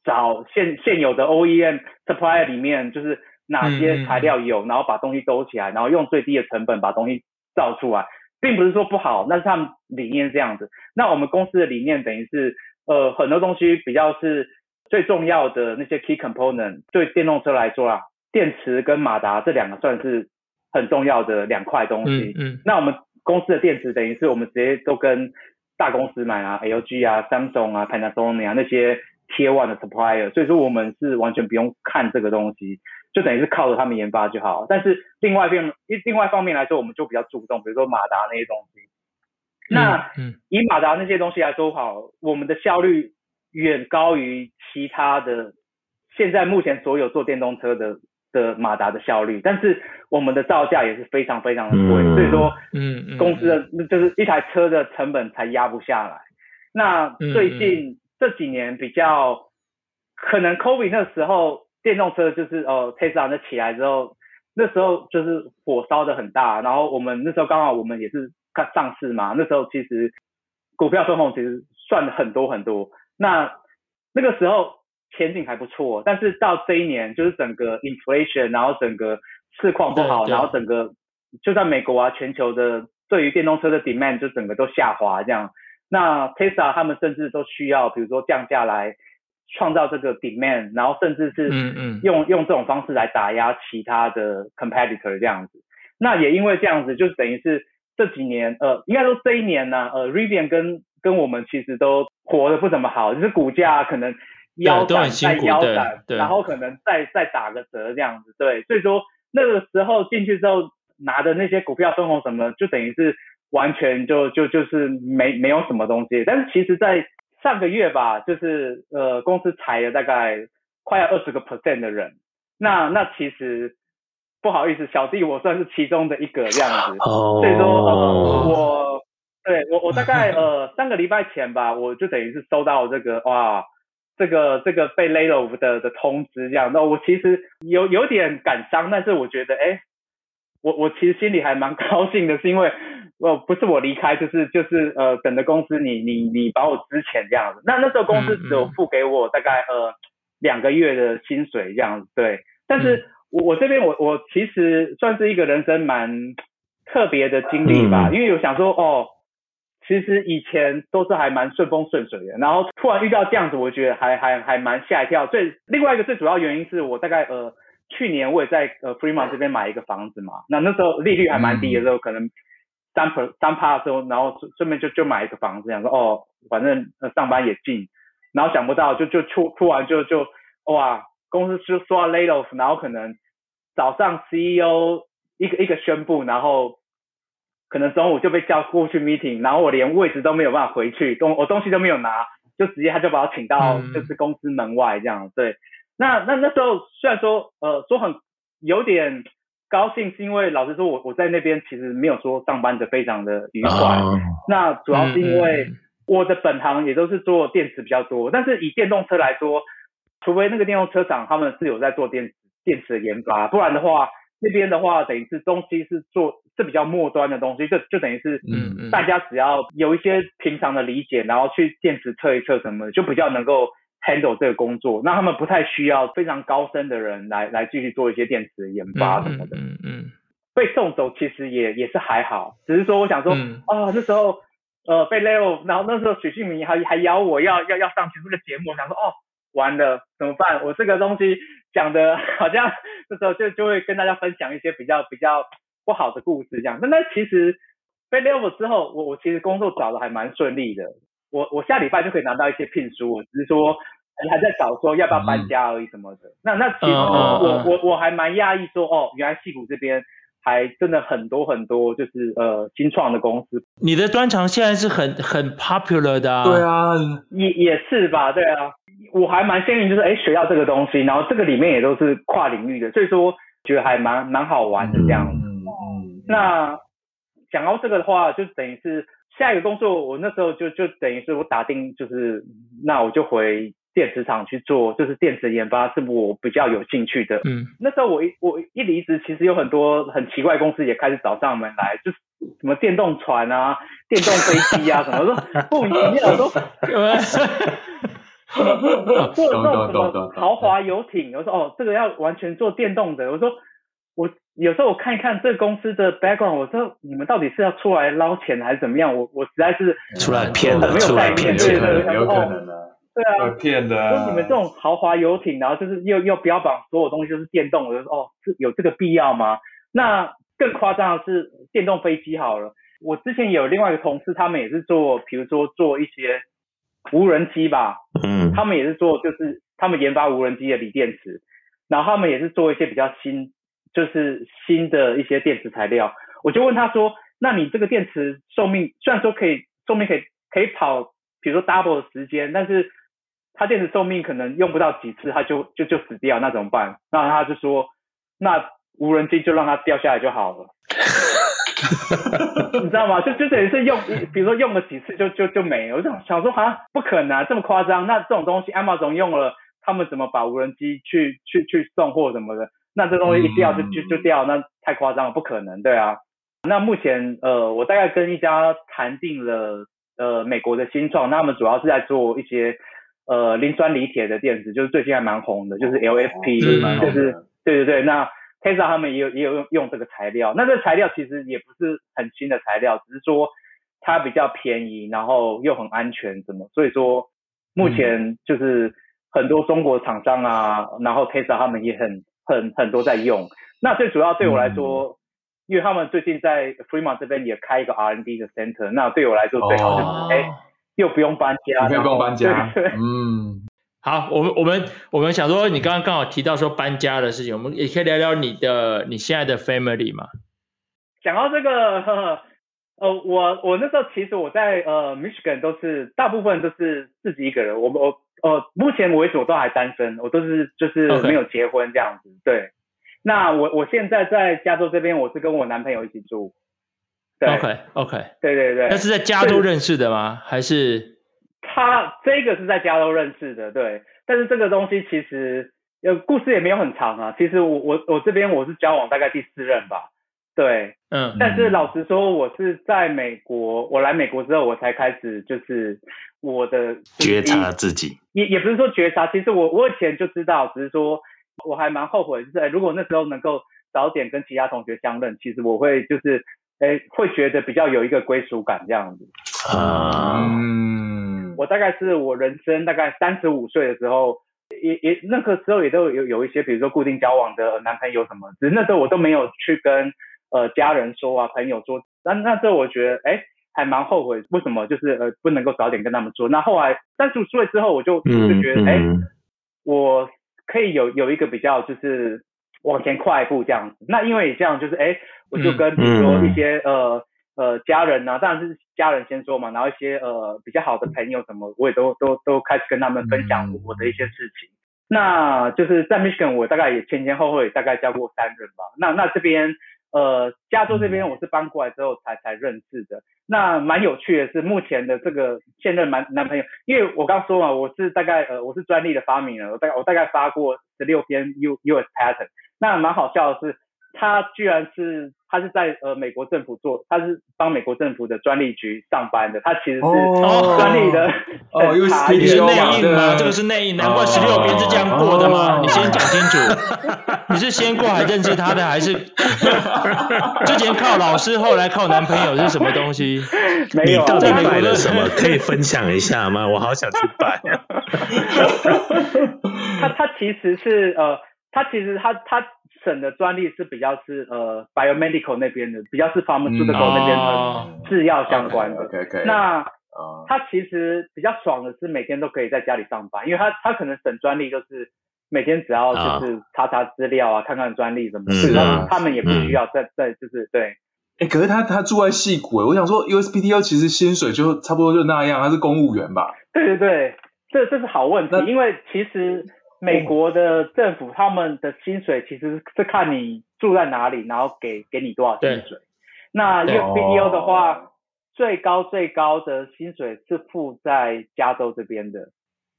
找現現有的 OEM supply 裡面就是。哪些材料有，然後把東西兜起來，然後用最低的成本把東西造出來，並不是說不好，那是他們理念這樣子。那我們公司的理念等於是，呃，很多東西比較是最重要的那些 key component，對電動車來說啦，電池跟馬達這兩個算是很重要的兩塊東西。嗯，那我們公司的電池等於是我們直接都跟大公司買啊，LG 啊、Samsung 啊、Panasonic 啊那些 Tier one 的 supplier，所以說我們是完全不用看這個東西。就等於是靠着他們研發就好，但是另外一邊，另外一方面來說，我們就比較主動，比如說馬達那些東西。那以馬達那些東西來說，好，我們的效率遠高於其他的，現在目前所有做電動車的的馬達的效率，但是我們的造價也是非常非常的貴，嗯、所以說嗯，嗯，公司的就是一台車的成本才壓不下來。那最近這幾年比較，可能 COVID 那時候。電動車就是哦，Tesla 那起來之後，那時候就是火燒的很大。然後我們那時候剛好我們也是剛上市嘛，那時候其實股票分紅其實算很多很多。那那個時候前景還不錯，但是到這一年，就是整個 inflation，然後整個市況不好，然後整個就在美國啊，全球的對於電動車的 demand 就整個都下滑這樣。那 Tesla 他們甚至都需要，比如說降價來。創造這個 demand，然後甚至是用、嗯嗯、用這種方式來打壓其他的 competitor 這樣子，那也因為這樣子，就等於是這幾年，呃，應該說這一年呢、啊，呃，Rivian 跟跟我們其實都活得不怎麼好，就是股價可能腰斬再腰斬，然後可能再再打個折這樣子，對，所以說那個時候進去之後拿的那些股票分紅什麼，就等於是完全就就就是沒沒有什麼東西，但是其實在上個月吧，就是呃，公司裁了大概快要二十個 percent 的人。那那其實不好意思，小弟我算是其中的一個這樣子。哦。所以說，Oh. 嗯，我對我我大概呃，三個禮拜前吧，我就等於是收到這個哇，這個這個被 lay off 的的通知這樣。那我其實有有點感傷，但是我覺得哎，我我其實心裡還蠻高興的，是因為。哦，不是我離開，就是就是呃，等着公司你你你把我支錢這樣子。那那時候公司只有付給我大概、嗯嗯、呃兩個月的薪水這樣子，對。但是我、嗯、我這邊我我其實算是一個人生蠻特別的經歷吧，嗯、因為我想說哦，其實以前都是還蠻順風順水的，然後突然遇到這樣子，我覺得還還還蠻嚇一跳。最另外一個最主要原因是我大概呃去年我也在呃 Fremont 這邊買一個房子嘛，那那時候利率還蠻低的時候，嗯、可能。三 per, 三趴的時候，然後順順便就就買一個房子，想說哦，反正上班也近。然後想不到就就出突然就就哇，公司就說 laid off，然後可能早上 CEO 一個一個宣布，然後可能中午就被叫過去 meeting，然後我連位置都沒有辦法回去，東我東西都沒有拿，就直接他就把我請到就是公司門外這樣。對，那那那時候雖然說呃說很有點。高興是因為老實說，我我在那邊其實沒有說上班的非常的愉快。Oh. 那主要是因為我的本行也都是做電池比較多，但是以電動車來說，除非那個電動車廠他們是有在做電池電池的研發，不然的話，那邊的話等於是東西是做是比較末端的東西，這就等於是嗯嗯大家只要有一些平常的理解，然後去電池測一測什麼的，就比較能夠。handle 這個工作，那他們不太需要非常高深的人來來繼續做一些電池研發什麼的。嗯嗯、嗯被送走其實也也是還好，只是說我想說啊、嗯哦、那時候呃被 Lay-off，然後那時候許旭明還還邀我要要要上去那個節目，我想說哦完了怎麼辦？我這個東西講的好像那時候就就會跟大家分享一些比較比較不好的故事這樣。那那其實被 Lay-off 之後，我我其實工作找的還蠻順利的。我我下禮拜就可以拿到一些聘書，我只是說還在找說要不要搬家而已什麼的。那、嗯、那其實我、嗯、我我還蠻訝異說，哦，原來矽谷這邊還真的很多很多，就是呃新創的公司。你的專長現在是很很 popular 的啊。對啊，也也是吧，對啊。我還蠻幸運，就是誒、欸、學到這個東西，然後這個裡面也都是跨領域的，所以說覺得還蠻蠻好玩的這樣子。嗯。那講到這個的話，就等於是。下一個工作，我那時候就就等於是我打定，就是那我就回電池廠去做，就是電池研發是我比較有興趣的。嗯，那時候我一我一離職，其實有很多很奇怪的公司也開始找上門來，就是什麼電動船啊、電動飛機啊，什麼都不一樣，都怎麼？哈哈哈，做什麼？豪華遊艇，我說哦，這個要完全做電動的，我說我。有時候我看一看這公司的 background，我說你們到底是要出來撈錢還是怎麼樣？我我實在是出來騙的，沒有在出來騙錢的，有可能啊，對啊，騙的。就你們這種豪華遊艇，然後就是又又標榜所有東西都是電動，我就說哦，是有這個必要嗎？那更誇張的是電動飛機好了，我之前有另外一個同事，他們也是做，比如說做一些無人機吧，嗯，他們也是做，就是他們研發無人機的鋰電池，然後他們也是做一些比較新。就是新的一些電池材料，我就問他說：“那你這個電池壽命雖然說可以壽命可以可以跑，比如說 double 的時間，但是它電池壽命可能用不到幾次，它就就就死掉，那怎麼辦？”那他就說：“那無人機就讓它掉下來就好了。” 你知道嗎？就就等於是用，比如說用了幾次就就就沒了。我就想說好像不可能，啊，這麼誇張。那這種東西，Amazon 用了，他們怎麼把無人機去去去送貨什麼的？那這東西一掉就就就掉，那太誇張了，不可能，對啊。那目前呃，我大概跟一家談定了，呃，美國的新創，那他們主要是在做一些呃磷酸鋰鐵的電池，就是最近還蠻紅的，就是 LFP，哦，就是對對對。那 Tesla 他們也有也有用用這個材料，那這材料其實也不是很新的材料，只是說它比較便宜，然後又很安全，怎麼？所以說目前就是很多中國廠商啊，然後 Tesla 他們也很。很很多在用，那最主要對我來說，嗯、因為他們最近在 Fremont 這邊也開一個 R&D 的 center，那對我來說最好就是哎、哦，又不用搬家，不用搬家。嗯，好，我們我們我們想說，你剛剛剛好提到說搬家的事情，我們也可以聊聊你的你現在的 family 嗎？講到這個，呵呵呃，我我那時候其實我在呃 Michigan 都是大部分都是自己一個人，我們我。哦、呃，目前為止我都還單身，我都是就是沒有結婚這樣子。Okay. 對，那我我現在在加州這邊，我是跟我男朋友一起住。OK OK，對對對。那是在加州認識的嗎？對還是？他這個是在加州認識的，對。但是這個東西其實，呃，故事也沒有很長啊。其實我我我這邊我是交往大概第四任吧。對，嗯，但是老實說，我是在美國，嗯，我來美國之後，我才開始就是我的覺察自己，也也不是說覺察，其實我我以前就知道，只是說我還蠻後悔，就是哎，如果那時候能夠早點跟其他同學相認，其實我會就是哎會覺得比較有一個歸屬感這樣子。嗯，我大概是我人生大概三十五歲的時候，也也那個時候也都有有一些，比如說固定交往的男朋友什麼，只是那時候我都沒有去跟。呃，家人說啊，朋友說，那那這我覺得，哎，還蠻後悔，為什麼就是呃，不能夠早點跟他們說。那後來三十歲之後，我就就覺得，哎、嗯嗯，我可以有有一個比較就是往前跨一步這樣子。那因為也這樣就是，哎，我就跟比如說一些呃呃家人吶、啊，當然是家人先說嘛，然後一些呃比較好的朋友什麼，我也都都都開始跟他們分享我的一些事情。嗯、那就是在 Michigan，我大概也前前後後也大概交過三任吧。那那這邊。呃，加州這邊我是搬過來之後才才認識的。那蠻有趣的是，目前的這個現任男男朋友，因為我剛說嘛，我是大概呃，我是專利的發明人，我大概我大概發過十六篇 U US, US Patent。那蠻好笑的是。他居然是他是在呃美國政府做，他是幫美國政府的專利局上班的。他其實是專利的哦，又是、呃、你是內應嗎？對這個是內應，難怪十六邊是這樣過的嗎？哦、你先講清楚， 你是先過來認識他的，還是 之前靠老師，後來靠男朋友是什麼東西？沒有、啊，你到底買了什麼？ 可以分享一下嗎？我好想去買。 他他其實是呃，他其實他他。省的專利是比較是呃 biomedical 那邊的，比較是 pharmaceutical 那邊的製藥、嗯哦、相關的。哦、okay, okay, okay, 那、哦、他其實比較爽的是每天都可以在家裡上班，因為他他可能審專利就是每天只要就是查查資料啊，啊看看專利什麼的，他他們也不需要在、嗯、在、在就是對。哎、欸，可是他他住在矽谷，我想說 USPTO 其實薪水就差不多就那樣，他是公務員吧？對對對，這這是好問題，那因為其實。美國的政府他們的薪水其實是看你住在哪裡，然後給給你多少薪水。那一個 c d o 的話，最高最高的薪水是付在加州這邊的，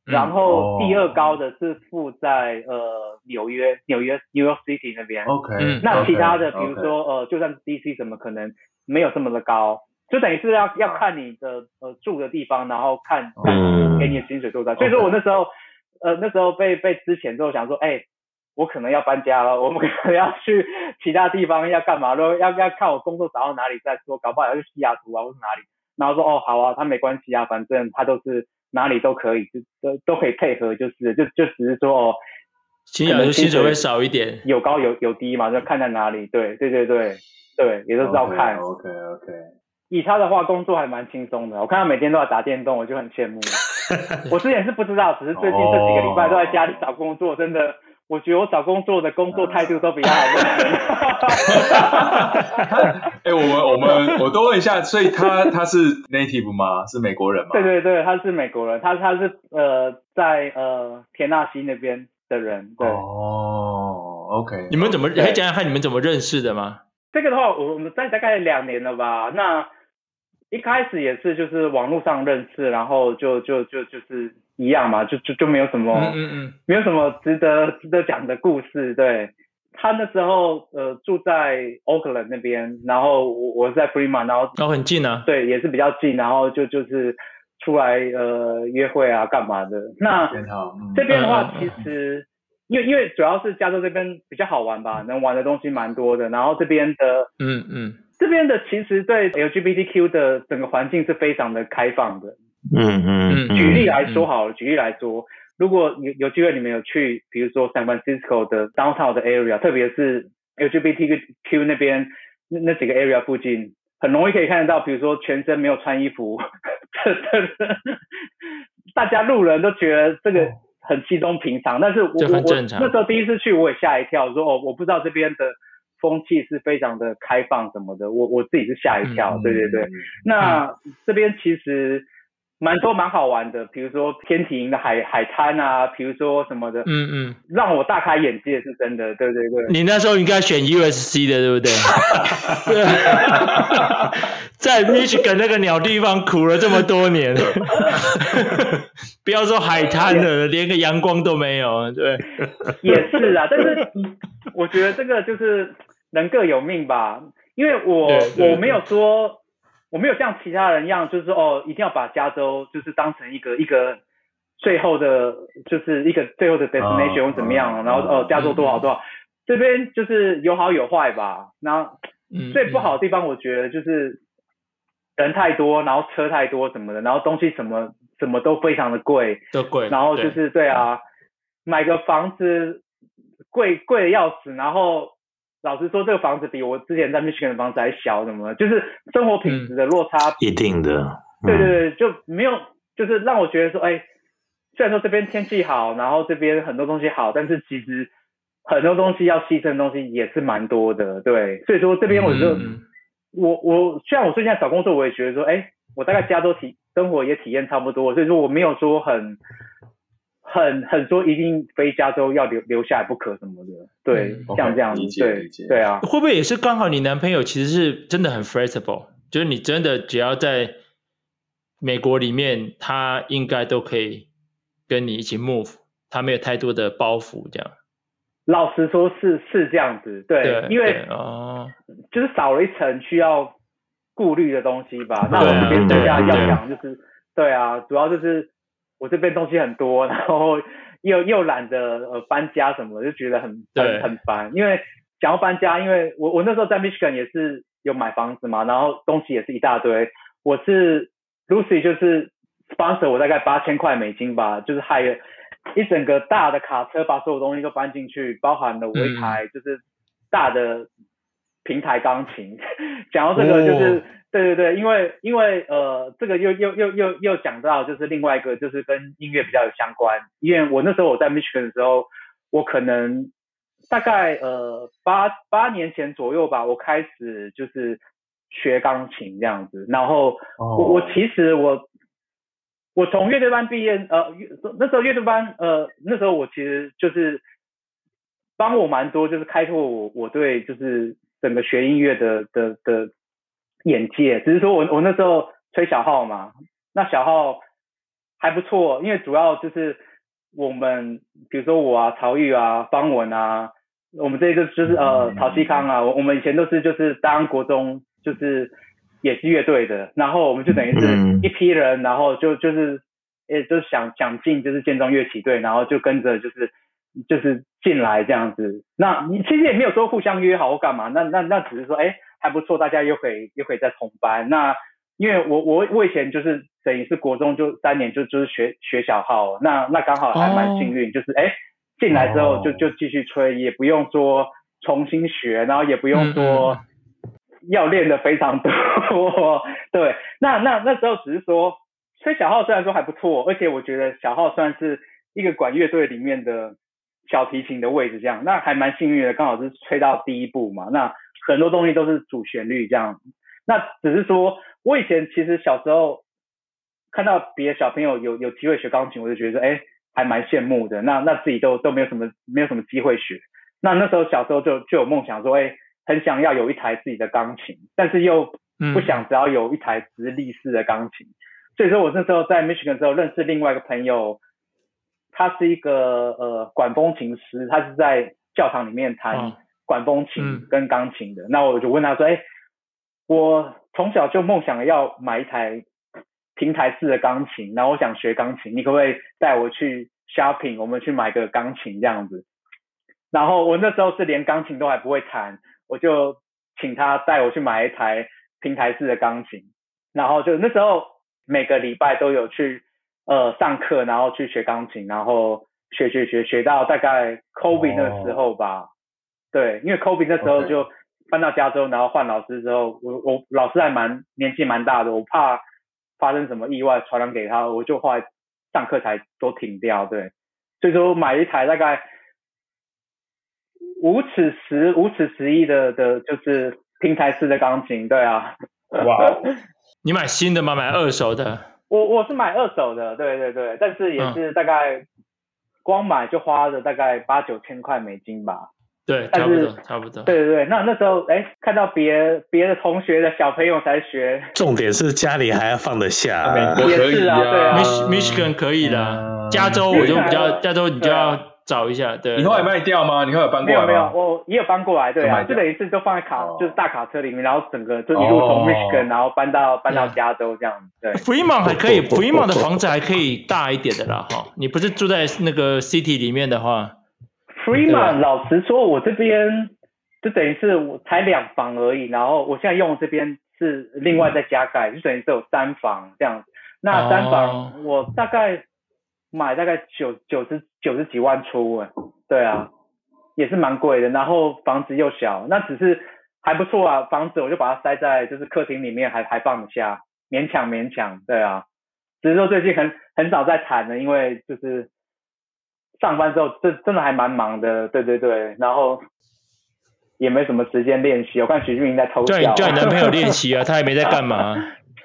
然後第二高的是付在呃紐約紐約 New York City 那邊。OK，那其他的比如說呃，就算是 DC，怎麼可能沒有這麼的高？就等於是要要看你的呃住的地方，然後看看，給你的薪水多少。所以說我那時候。呃，那時候被被之前之後想說，哎、欸，我可能要搬家了，我們可能要去其他地方要要，要幹嘛？然後要要看我工作找到哪裡再說，搞不好要去西雅圖啊，或是哪裡。然後說，哦，好啊，他沒關係啊，反正他都是哪裡都可以，就都都可以配合、就是，就是就就只是說，哦，其實你們薪水會少一點，有高有有低嘛，就看在哪裡。對對對對對，對也都是要看。OK OK, okay. 以他的話，工作還蠻輕鬆的。我看他每天都要打電動，我就很羨慕。 我之前是不知道，只是最近這幾個禮拜都在家裡找工作，真的，我覺得我找工作的工作態度都比他好。哎 欸，我們我們我都問一下，所以他他是 native 嗎？是美國人嗎？對對對，他是美國人，他他是呃在呃田納西那邊的人。對哦，OK, okay, okay。你們怎麼可以講講看你們怎麼認識的嗎？這個的話，我，我們在大概兩年了吧？那一開始也是就是網絡上認識，然後就就就就是一樣嘛，就就就沒有什麼，嗯嗯，嗯沒有什麼值得值得講的故事。對他那時候呃住在 Oakland 那邊，然後我我是在 Fremont，然後都、哦、很近呢、啊。對，也是比較近，然後就就是出來呃約會啊幹嘛的。那這邊的話，其實、嗯嗯嗯、因為因為主要是加州這邊比較好玩吧，能玩的東西蠻多的。然後這邊的，嗯嗯。嗯這邊的其實對 LGBTQ 的整個環境是非常的開放的嗯。嗯嗯嗯舉、舉例來說，好了、嗯，舉例來說，如果有機會你們有去，比如說 San Francisco 的 downtown 的 area，特別是 LGBTQ 那邊那那幾個 area 附近，很容易可以看得到，比如說全身沒有穿衣服， 大家路人都覺得這個很稀鬆平常，但是我我那時候第一次去我也嚇一跳，說哦我不知道這邊的風氣是非常的開放什麼的，我我自己是嚇一跳。嗯、對對對，嗯、那、嗯、這邊其實蠻多蠻好玩的，比如說天體營的海海灘啊，比如說什麼的，嗯嗯，嗯讓我大開眼界是真的。對對對，你那時候應該選 U S C 的，對不對？在 Michigan 那個鳥地方苦了這麼多年， 不要說海灘了，也連個陽光都沒有。對，也是啊，但是我覺得這個就是。人各有命吧，因為我我沒有說我沒有像其他人一樣，就是說哦一定要把加州就是當成一個一個最後的，就是一個最後的 destination、哦、怎麼樣，哦、然後哦加州多好多好，嗯嗯、這邊就是有好有壞吧。然後最不好的地方，我覺得就是人太多，然後車太多什麼的，然後東西什麼什麼都非常的貴，都貴，然後就是對，對啊，嗯、買個房子貴貴的要死，然後。老實說，這個房子比我之前在 Michigan 的房子還小，怎麼就是生活品質的落差？嗯、一定的，嗯、對對對，就沒有，就是讓我覺得說，哎，雖然說這邊天氣好，然後這邊很多東西好，但是其實很多東西要犧牲的東西也是蠻多的，對。所以說這邊我就，嗯、我我雖然我最近在找工作，我也覺得說，哎，我大概加州體生活也體驗差不多，所以說我沒有說很。很很說一定非加州要留留下來不可什麼的，對，嗯、像這樣子，理解對，理解對啊，會不會也是剛好你男朋友其實是真的很 flexible，就是你真的只要在美國裡面，他應該都可以跟你一起 move，他沒有太多的包袱這樣。老實說是，是是這樣子，對，對因為對哦，就是少了一層需要顧慮的東西吧。啊、那我們跟大家講講，就是對，對，啊對啊，主要就是。我這邊東西很多，然後又又懶得搬家什麼的，就覺得很很，很煩。對因為想要搬家，因為我我那時候在 Michigan 也是有買房子嘛，然後東西也是一大堆。我是 Lucy 就是 sponsor 我大概八千塊美金吧，就是害了一整個大的卡車，把所有東西都搬進去，包含了我一台就是大的平台鋼琴。講到、嗯、這個就是。哦對對對，因為因為呃，這個又又又又又講到，就是另外一個，就是跟音樂比較有相關。因為我那時候我在 Michigan 的時候，我可能大概呃八八年前左右吧，我開始就是學鋼琴這樣子。然後我、oh. 我，我其實我我從樂隊班畢業呃，那時候樂隊班呃，那時候我其實就是幫我蠻多，就是開拓我我對就是整個學音樂的的的。的眼界，只是說我我那時候吹小號嘛，那小號還不錯，因為主要就是我們，比如說我啊，曹玉啊，方文啊，我們這些就就是呃曹、嗯、西康啊，我、嗯、我們以前都是就是當國中就是也是樂隊的，然後我們就等於是一批人，嗯、然後就就是也、欸、就是想想進就是建中樂器隊，然後就跟着就是就是進來這樣子，那你其實也沒有說互相約好或幹嘛，那那那只是說哎。欸還不錯，大家又可以又可以再同班。那因為我我我以前就是等於是國中就三年就就是學學小號，那那剛好還蠻幸運，oh. 就是誒進、欸、來之後就就繼續吹，oh. 也不用說重新學，然後也不用說要練得非常多。Mm hmm. 對，那那那時候只是說吹小號雖然說還不錯，而且我覺得小號算是一個管樂隊裡面的小提琴的位置這樣，那還蠻幸運的，剛好是吹到第一步嘛那。很多東西都是主旋律這樣子，那只是說，我以前其實小時候看到別的小朋友有有機會學鋼琴，我就覺得說，哎、欸，還蠻羨慕的。那那自己都都沒有什麼，沒有什麼機會學。那那時候小時候就就有夢想說，哎、欸，很想要有一台自己的鋼琴，但是又不想只要有一台直立式的鋼琴。嗯、所以說，我那時候在 Michigan 的時候，認識另外一個朋友，他是一個呃管風琴師，他是在教堂裡面彈。哦管風琴跟鋼琴的，嗯。那我就問他說：“哎，我從小就夢想要買一台平台式的鋼琴，然後我想學鋼琴，你可不可以帶我去 shopping？我們去買個鋼琴這樣子。”然後我那時候是連鋼琴都還不會彈，我就請他帶我去買一台平台式的鋼琴。然後就那時候每個禮拜都有去呃上課，然後去學鋼琴，然後學學學學，學到大概 COVID 那個時候吧。哦。對，因為 COVID 那時候就搬到加州，哦、是然後換老師之後，我我老師還蠻年紀蠻大的，我怕發生什麼意外傳染給他，我就後來上課才都停掉。對，所以說我買一台大概五尺十五尺十一的的，就是平台式的鋼琴。對啊。哇， 你買新的嗎？買二手的？我我是買二手的，對對對，但是也是大概光買就花了大概八九千塊美金吧。對，差不多，差不多。對對對，那那時候，哎，看到別別的同學的小朋友才學。重點是家裡還要放得下，美國可以啊，Michigan 可以的，加州我就比較，加州你就要找一下。對，以後還賣掉嗎？以後有搬過來？沒有沒有，我也有搬過來，對啊，就等一次，就放在卡，就是大卡車裡面，然後整個就一路從 Michigan 然後搬到搬到加州這樣子。對，Fremont 還可以，Fremont 的房子還可以大一點的啦哈。你不是住在那個 city 裡面的話。f r、啊、老實說，我這邊就等於是我才兩房而已，然後我現在用的這邊是另外再加蓋，就等於是有三房這樣，那三房我大概買大概九九十、哦、九十幾萬出，對啊，也是蠻貴的。然後房子又小，那只是還不錯啊，房子我就把它塞在就是客廳裡面還，還還放得下，勉強勉強，對啊。只是說最近很很少在談了，因為就是。上班之後，真真的還蠻忙的，對對對，然後也沒什麼時間練習。我看徐俊明在偷笑，叫你叫你男朋友練習啊， 他也沒在幹嘛？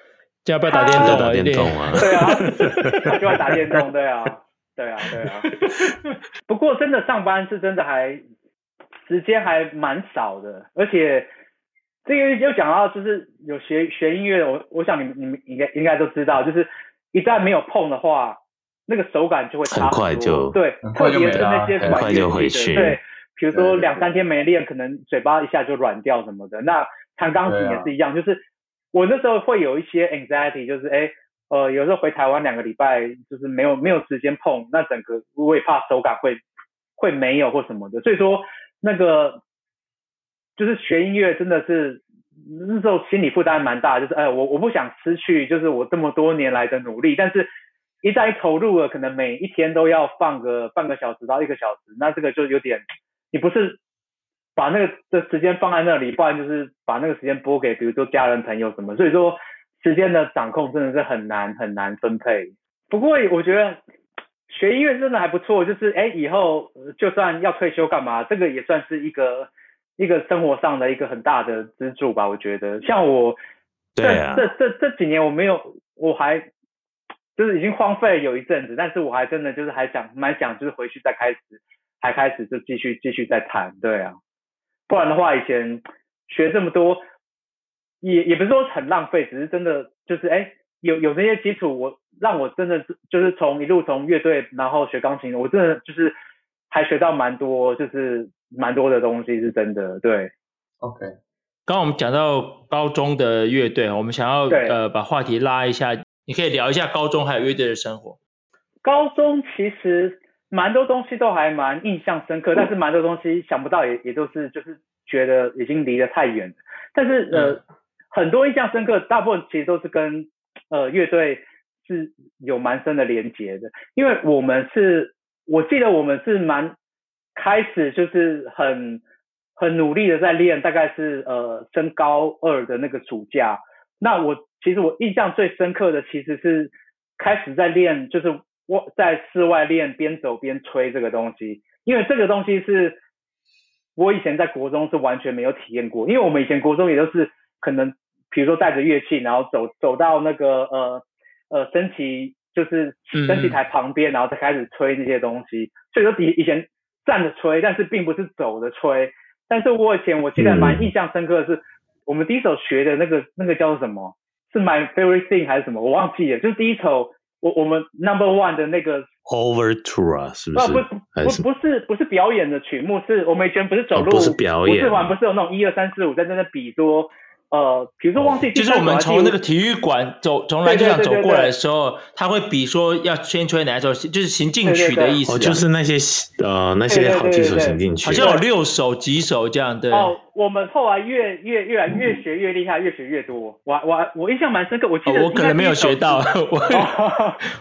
就要不要打電動？啊、打電動啊？對啊，就要、 啊、打電動，對啊，對啊，對啊。不過真的上班是真的還時間還蠻少的，而且這個又講到就是有學學音樂，我我想你們你們應該應該都知道，就是一旦沒有碰的話。那個手感就會差很多，很快就對，啊、特別是那些軟鍵位置，對，比如說兩三天沒練，對對對對，可能嘴巴一下就軟掉什麼的。那彈鋼琴也是一樣，啊、就是我那時候會有一些 anxiety，就是哎，呃，有時候回台灣兩個禮拜，就是沒有沒有時間碰，那整個我也怕手感會會沒有或什麼的。所以說，那個就是學音樂真的是那時候心理負擔蠻大，就是哎，我我不想失去，就是我這麼多年來的努力，但是。一旦一投入了，可能每一天都要放個半個小時到一個小時，那這個就有點，你不是把那個的時間放在那裡，不然就是把那個時間撥給比如說家人朋友什麼，所以說時間的掌控真的是很難很難分配。不過我覺得學音樂真的還不錯，就是哎以後就算要退休幹嘛，這個也算是一個一個生活上的一個很大的支柱吧，我覺得。像我，對啊，這這這，這幾年我沒有，我還。就是已經荒廢了有一陣子，但是我還真的就是還想蠻想，就是回去再開始，才開始就繼續繼續再彈，對啊，不然的話以前學這麼多，也也不是說很浪費，只是真的就是哎，有有這些基礎我，我讓我真的就是從一路從樂隊，然後學鋼琴，我真的就是還學到蠻多，就是蠻多的東西，是真的，對，OK。剛剛我們講到高中的樂隊，我們想要對呃把話題拉一下。你可以聊一下高中還有樂隊的生活。高中其實蠻多東西都還蠻印象深刻，嗯、但是蠻多東西想不到，也也就是就是覺得已經離得太遠。但是、嗯、呃，很多印象深刻，大部分其實都是跟呃樂隊是有蠻深的連結的，因為我們是，我記得我們是蠻開始就是很很努力的在練，大概是呃升高二的那個暑假。那我其實我印象最深刻的其實是開始在練，就是我在室外練，邊走邊吹這個東西，因為這個東西是我以前在國中是完全沒有體驗過，因為我們以前國中也都是可能比如說，帶着樂器，然後走走到那個呃呃升旗就是升旗台旁邊，然後再開始吹這些東西，所以說比以前站着吹，但是並不是走着吹。但是我以前我記得蠻印象深刻的是。嗯我們第一首學的那個那個叫做什麼？是 My Favorite Thing 還是什麼？我忘記了。就是第一首，我我們 Number One 的那個 Overture 是不是？啊、不是不是不是，表演的曲目，是我們以前不是走路，哦，不是表演不是玩，不是有那種一二三四五在在那邊比多。呃，比如說忘記，就是我們從那個體育館走，從籃球場走過來的時候，他會比說要先吹哪一首，就是行進曲的意思，就是那些呃那些好幾首行進曲，好像有六首、幾首這樣的。哦，我們後來越越越來越學越厲害，越學越多。我我我印象蠻深刻，我記得。哦，我可能沒有學到，我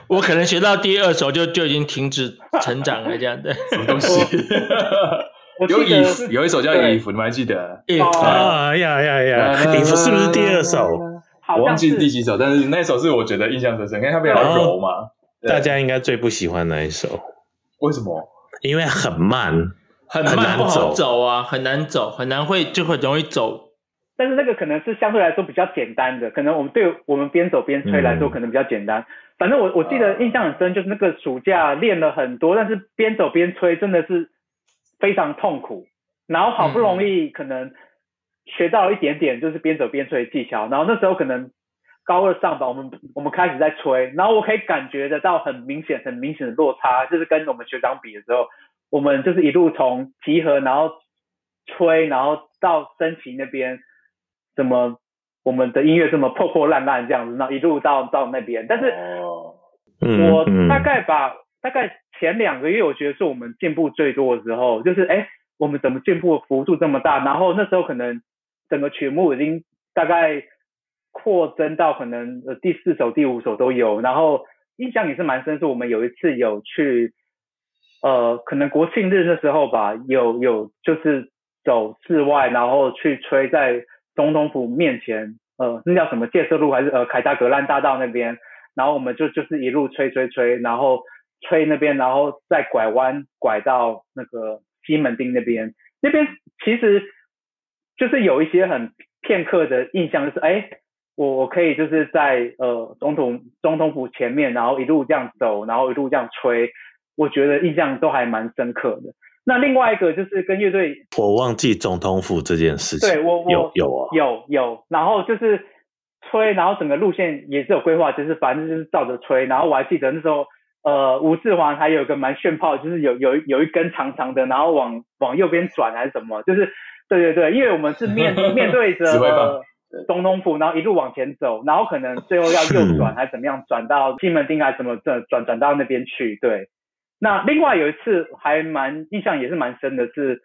我可能學到第二首就就已經停止成長了這樣的什麼東西。有以有一首叫 IF，你們還記得 IF？啊！呀呀呀！IF 是不是第二首？我忘記第幾首，但是那首是我覺得印象最深，因為它比較柔嘛。大家應該最不喜歡哪一首？為什麼？因為很慢，很慢走走啊，很難走，很難會就會容易走。但是那個可能是相對來說比較簡單的，可能我們對我們邊走邊吹來說可能比較簡單。反正我我記得印象很深，就是那個暑假練了很多，但是邊走邊吹真的是。非常痛苦，然後好不容易可能學到一點點，就是邊走邊吹的技巧。嗯、然後那時候可能高二上吧，我們我們開始在吹，然後我可以感覺得到很明顯、很明顯的落差，就是跟我們學長比的時候，我們就是一路從集合，然後吹，然後到升旗那邊，怎麼我們的音樂這麼破破爛爛這樣子，然後一路到到那邊，但是我大概把。大概前兩個月，我覺得是我們進步最多的時候，就是誒我們怎麼進步的幅度這麼大？然後那時候可能整個曲目已經大概擴增到可能呃第四首、第五首都有。然後印象也是蠻深，是我們有一次有去呃可能國慶日那時候吧，有有就是走室外，然後去吹在總統府面前，呃，那叫什麼介壽路，還是呃凱達格蘭大道那邊，然後我們就就是一路吹吹吹，然後。吹那邊，然後再拐彎，拐到那個西門町那邊。那邊其實就是有一些很片刻的印象，就是哎、欸，我可以就是在呃總統總統府前面，然後一路這樣走，然後一路這樣吹。我覺得印象都還蠻深刻的。那另外一個就是跟樂隊，我忘記總統府這件事情。對，我，我有有啊有有，然後就是吹，然後整個路線也是有規劃，就是反正就是照着吹。然後我還記得那時候。呃，五四環還有個蠻炫炮，就是有有有一根長長的，然後往往右邊轉還是什麼，就是對對對，因為我們是面面對着總統府，然後一路往前走，然後可能最後要右轉還是怎麼樣，轉到西門町還是什麼，轉轉轉到那邊去。對，那另外有一次還蠻印象也是蠻深的是，是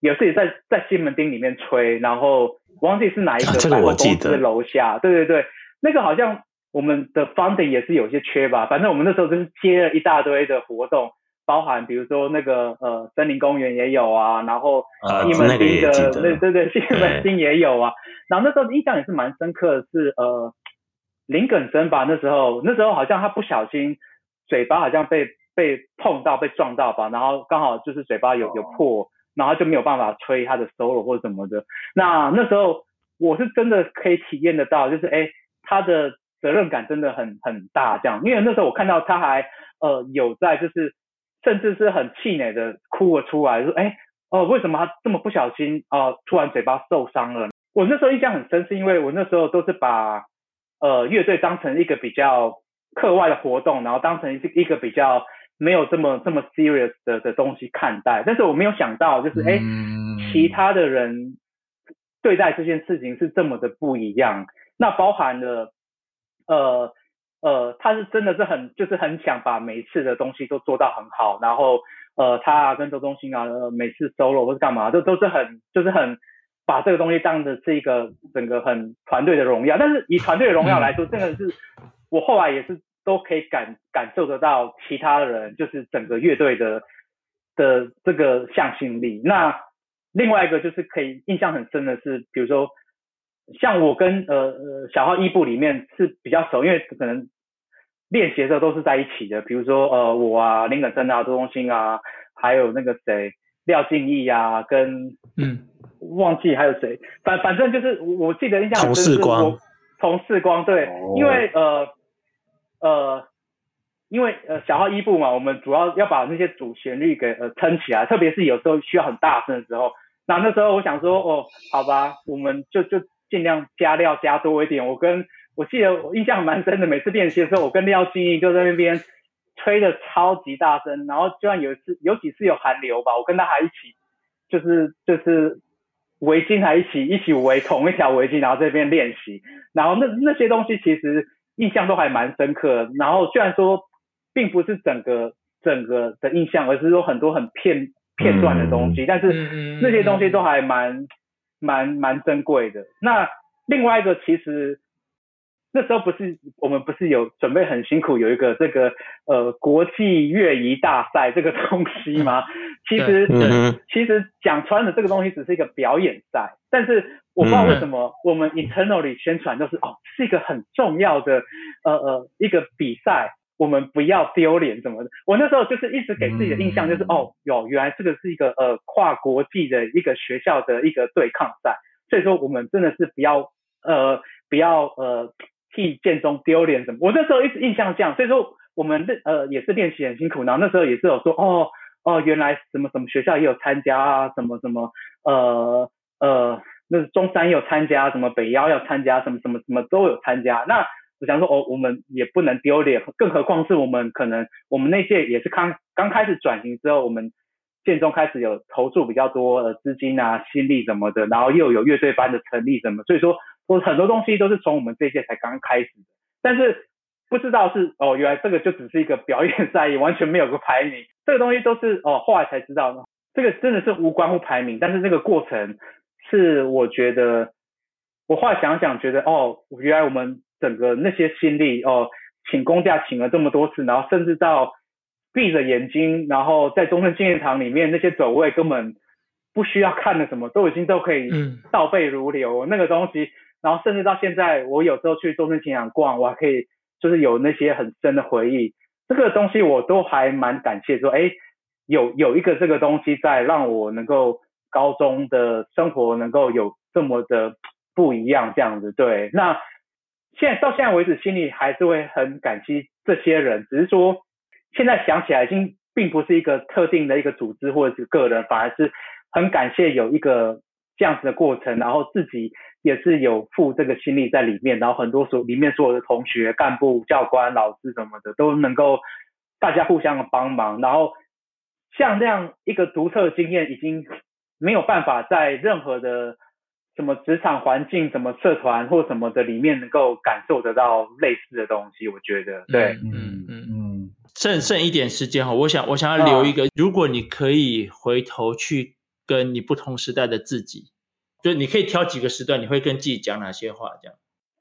有自己在在西門町裡面吹，然後忘記是哪一個辦公室樓下，啊就是、對對對，那個好像。我們的 funding 也是有些缺吧，反正我們那時候就是接了一大堆的活動，包含比如說那個呃森林公園也有啊，然後西門町的、啊、對對對西門町也有啊，然後那時候印象也是蠻深刻，是呃林耿森吧，那時候那時候好像他不小心嘴巴好像被被碰到被撞到吧，然後剛好就是嘴巴有有破，哦、然後就沒有辦法吹他的 solo 或者什麼的，那那時候我是真的可以體驗得到，就是哎他的責任感真的很很大，這樣，因為那時候我看到他還呃有在，就是甚至是很氣餒的哭了出來，說：“哎哦、呃，為什麼他這麼不小心呃，突然嘴巴受傷了。”我那時候印象很深，是因為我那時候都是把呃樂隊當成一個比較課外的活動，然後當成一個比較沒有這麼這麼 serious 的的東西看待。但是我沒有想到，就是哎、嗯，其他的人對待這件事情是這麼的不一樣，那包含了。呃呃，他是真的是很就是很想把每一次的東西都做到很好，然後呃，他、啊、跟周中心啊，每次 solo 或是幹嘛，都都是很就是很把這個東西當成是一個整個很團隊的榮耀。但是以團隊的榮耀來說，真的是我後來也是都可以感感受得到其他的人就是整個樂隊的的這個向心力。那另外一個就是可以印象很深的是，比如說。像我跟呃呃小號一部裡面是比較熟，因為可能練習的時候都是在一起的，比如說呃我啊林肯鄭啊，周東新啊，還有那個誰廖靜義啊，跟嗯忘記還有誰，反反正就是我記得印象就是我同世光對、哦因呃呃，因為呃呃因為呃小號一部嘛，我們主要要把那些主旋律給呃撐起來，特別是有時候需要很大聲的時候，那那時候我想說哦好吧，我們就就。盡量加料加多一點。我跟我記得，我印象蠻深的。每次練習的時候，我跟廖經理就在那邊吹的超級大聲。然後，就算有一次有幾次有寒流吧，我跟他還一起，就是就是圍巾還一起一起圍同一條圍巾，然後在那邊練習。然後那那些東西其實印象都還蠻深刻。然後雖然說並不是整個整個的印象，而是說很多很片片段的東西，但是那些東西都還蠻。嗯嗯嗯嗯蠻蠻珍貴的。那另外一個，其實那時候不是我們不是有準備很辛苦，有一個這個呃國際樂儀大賽這個東西嗎？其實對、嗯、其實講穿了，這個東西只是一個表演賽。但是我不知道為什麼我們 internally 宣傳都、就是、嗯、哦，是一個很重要的呃呃一個比賽。我們不要丟臉，什麼的。我那時候就是一直給自己的印象就是，mm hmm. 哦，有原來這個是一個呃跨國際的一個學校的一個對抗賽，所以說我們真的是不要呃不要呃替建中丟臉什麼。我那時候一直印象這樣，所以說我們呃也是練習很辛苦，然後那時候也是有說，哦哦原來什麼什麼學校也有參加啊，什麼什麼呃呃那是中山也有參加，什麼北邀要參加，什麼什麼什麼都有參加，mm hmm. 那。我想說，哦，我們也不能丟臉，更何況是我們可能我們那屆也是剛剛開始轉型之後，我們建中開始有投注比較多的資金啊、心力什麼的，然後又有樂隊班的成立什麼的，所以說，我很多東西都是從我們這屆才剛開始的。但是不知道是哦，原來這個就只是一個表演賽，完全沒有個排名，這個東西都是哦，後來才知道，這個真的是無關乎排名，但是那個過程是我覺得，我後來想想覺得，哦，原來我們。整個那些心力哦，請公假請了這麼多次，然後甚至到閉着眼睛，然後在中山紀念堂裡面那些走位根本不需要看的什麼，都已經都可以倒背如流、嗯、那個東西，然後甚至到現在，我有時候去中山紀念堂逛，我還可以就是有那些很深的回憶，這個東西我都還蠻感謝說，說哎，有有一個這個東西在，讓我能夠高中的生活能夠有這麼的不一樣這樣子，對，那。現在到現在為止，心裡還是會很感激這些人。只是說，現在想起來，已經並不是一個特定的一個組織或者是個人，反而是很感謝有一個這樣子的過程。然後自己也是有付這個心力在裡面。然後很多所裡面所有的同學、幹部、教官、老師什麼的，都能夠大家互相的幫忙。然後像這樣一個獨特經驗，已經沒有辦法在任何的。什麼職場環境，什麼社團或什麼的裡面能夠感受得到類似的東西，我覺得，對，嗯嗯嗯。剩剩一點時間哈，我想我想要留一個，嗯、如果你可以回頭去跟你不同時代的自己，就你可以挑幾個時段，你會跟自己講哪些話？這樣。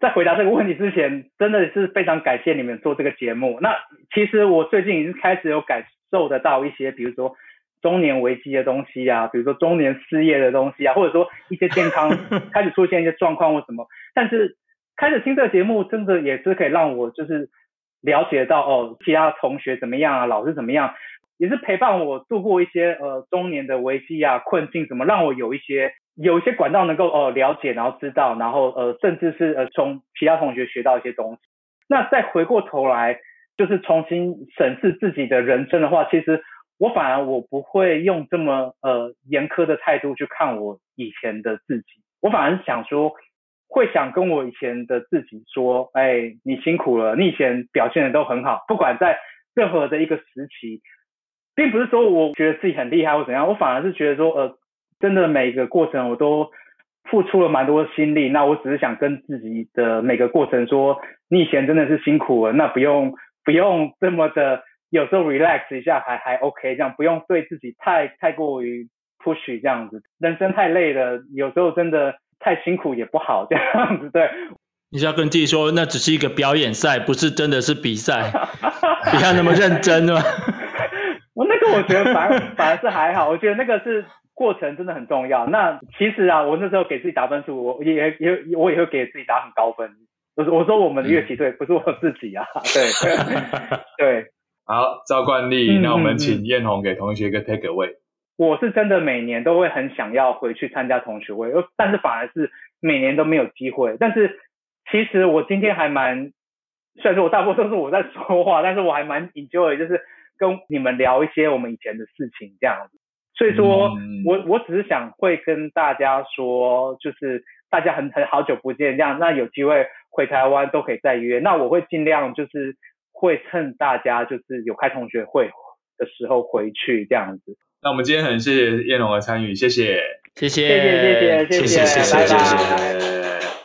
在回答這個問題之前，真的是非常感謝你們做這個節目。那其實我最近已經開始有感受得到一些，比如說。中年危機的東西啊，比如說中年失業的東西啊，或者說一些健康開始出現一些狀況或什麼。 但是開始聽這個節目，真的也是可以讓我就是了解到哦，其他同學怎麼樣啊，老師怎麼樣，也是陪伴我度過一些呃中年的危機啊困境什麼，讓我有一些有一些管道能夠哦、呃、了解，然後知道，然後呃甚至是呃從其他同學學到一些東西。那再回過頭來就是重新審視自己的人生的話，其實。我反而我不會用這麼呃嚴苛的態度去看我以前的自己，我反而是想說，會想跟我以前的自己說，哎、欸，你辛苦了，你以前表現的都很好，不管在任何的一個時期，並不是說我覺得自己很厲害或怎樣，我反而是覺得說，呃，真的每一個過程我都付出了蠻多的心力，那我只是想跟自己的每個過程說，你以前真的是辛苦了，那不用不用這麼的。有時候 relax 一下還還 OK，這樣不用對自己太太過於 push 這樣子，人生太累了，有時候真的太辛苦也不好這樣子，對。你是要跟自己說，那只是一個表演賽，不是真的是比賽，你看 那麼認真嘛。 我那個我覺得反而反而是還好，我覺得那個是過程真的很重要。那其實啊，我那時候給自己打分數，我也也我也會給自己打很高分。我我說我們樂器隊、嗯、不是我自己啊，對 對。好，照慣例，那、嗯、我們請彥宏給同學一個 take away。我是真的每年都會很想要回去參加同學會，但是反而是每年都沒有機會。但是其實我今天還蠻，雖然說我大部分都是我在說話，但是我還蠻 enjoy，就是跟你們聊一些我們以前的事情這樣子。所以說我、嗯、我只是想會跟大家說，就是大家很很好久不見這樣，那有機會回台灣都可以再約。那我會盡量就是。會趁大家就是有開同學會的時候回去這樣子。那我們今天很謝謝燕龍的參與，謝謝，謝謝，謝謝，謝謝，謝謝，謝謝。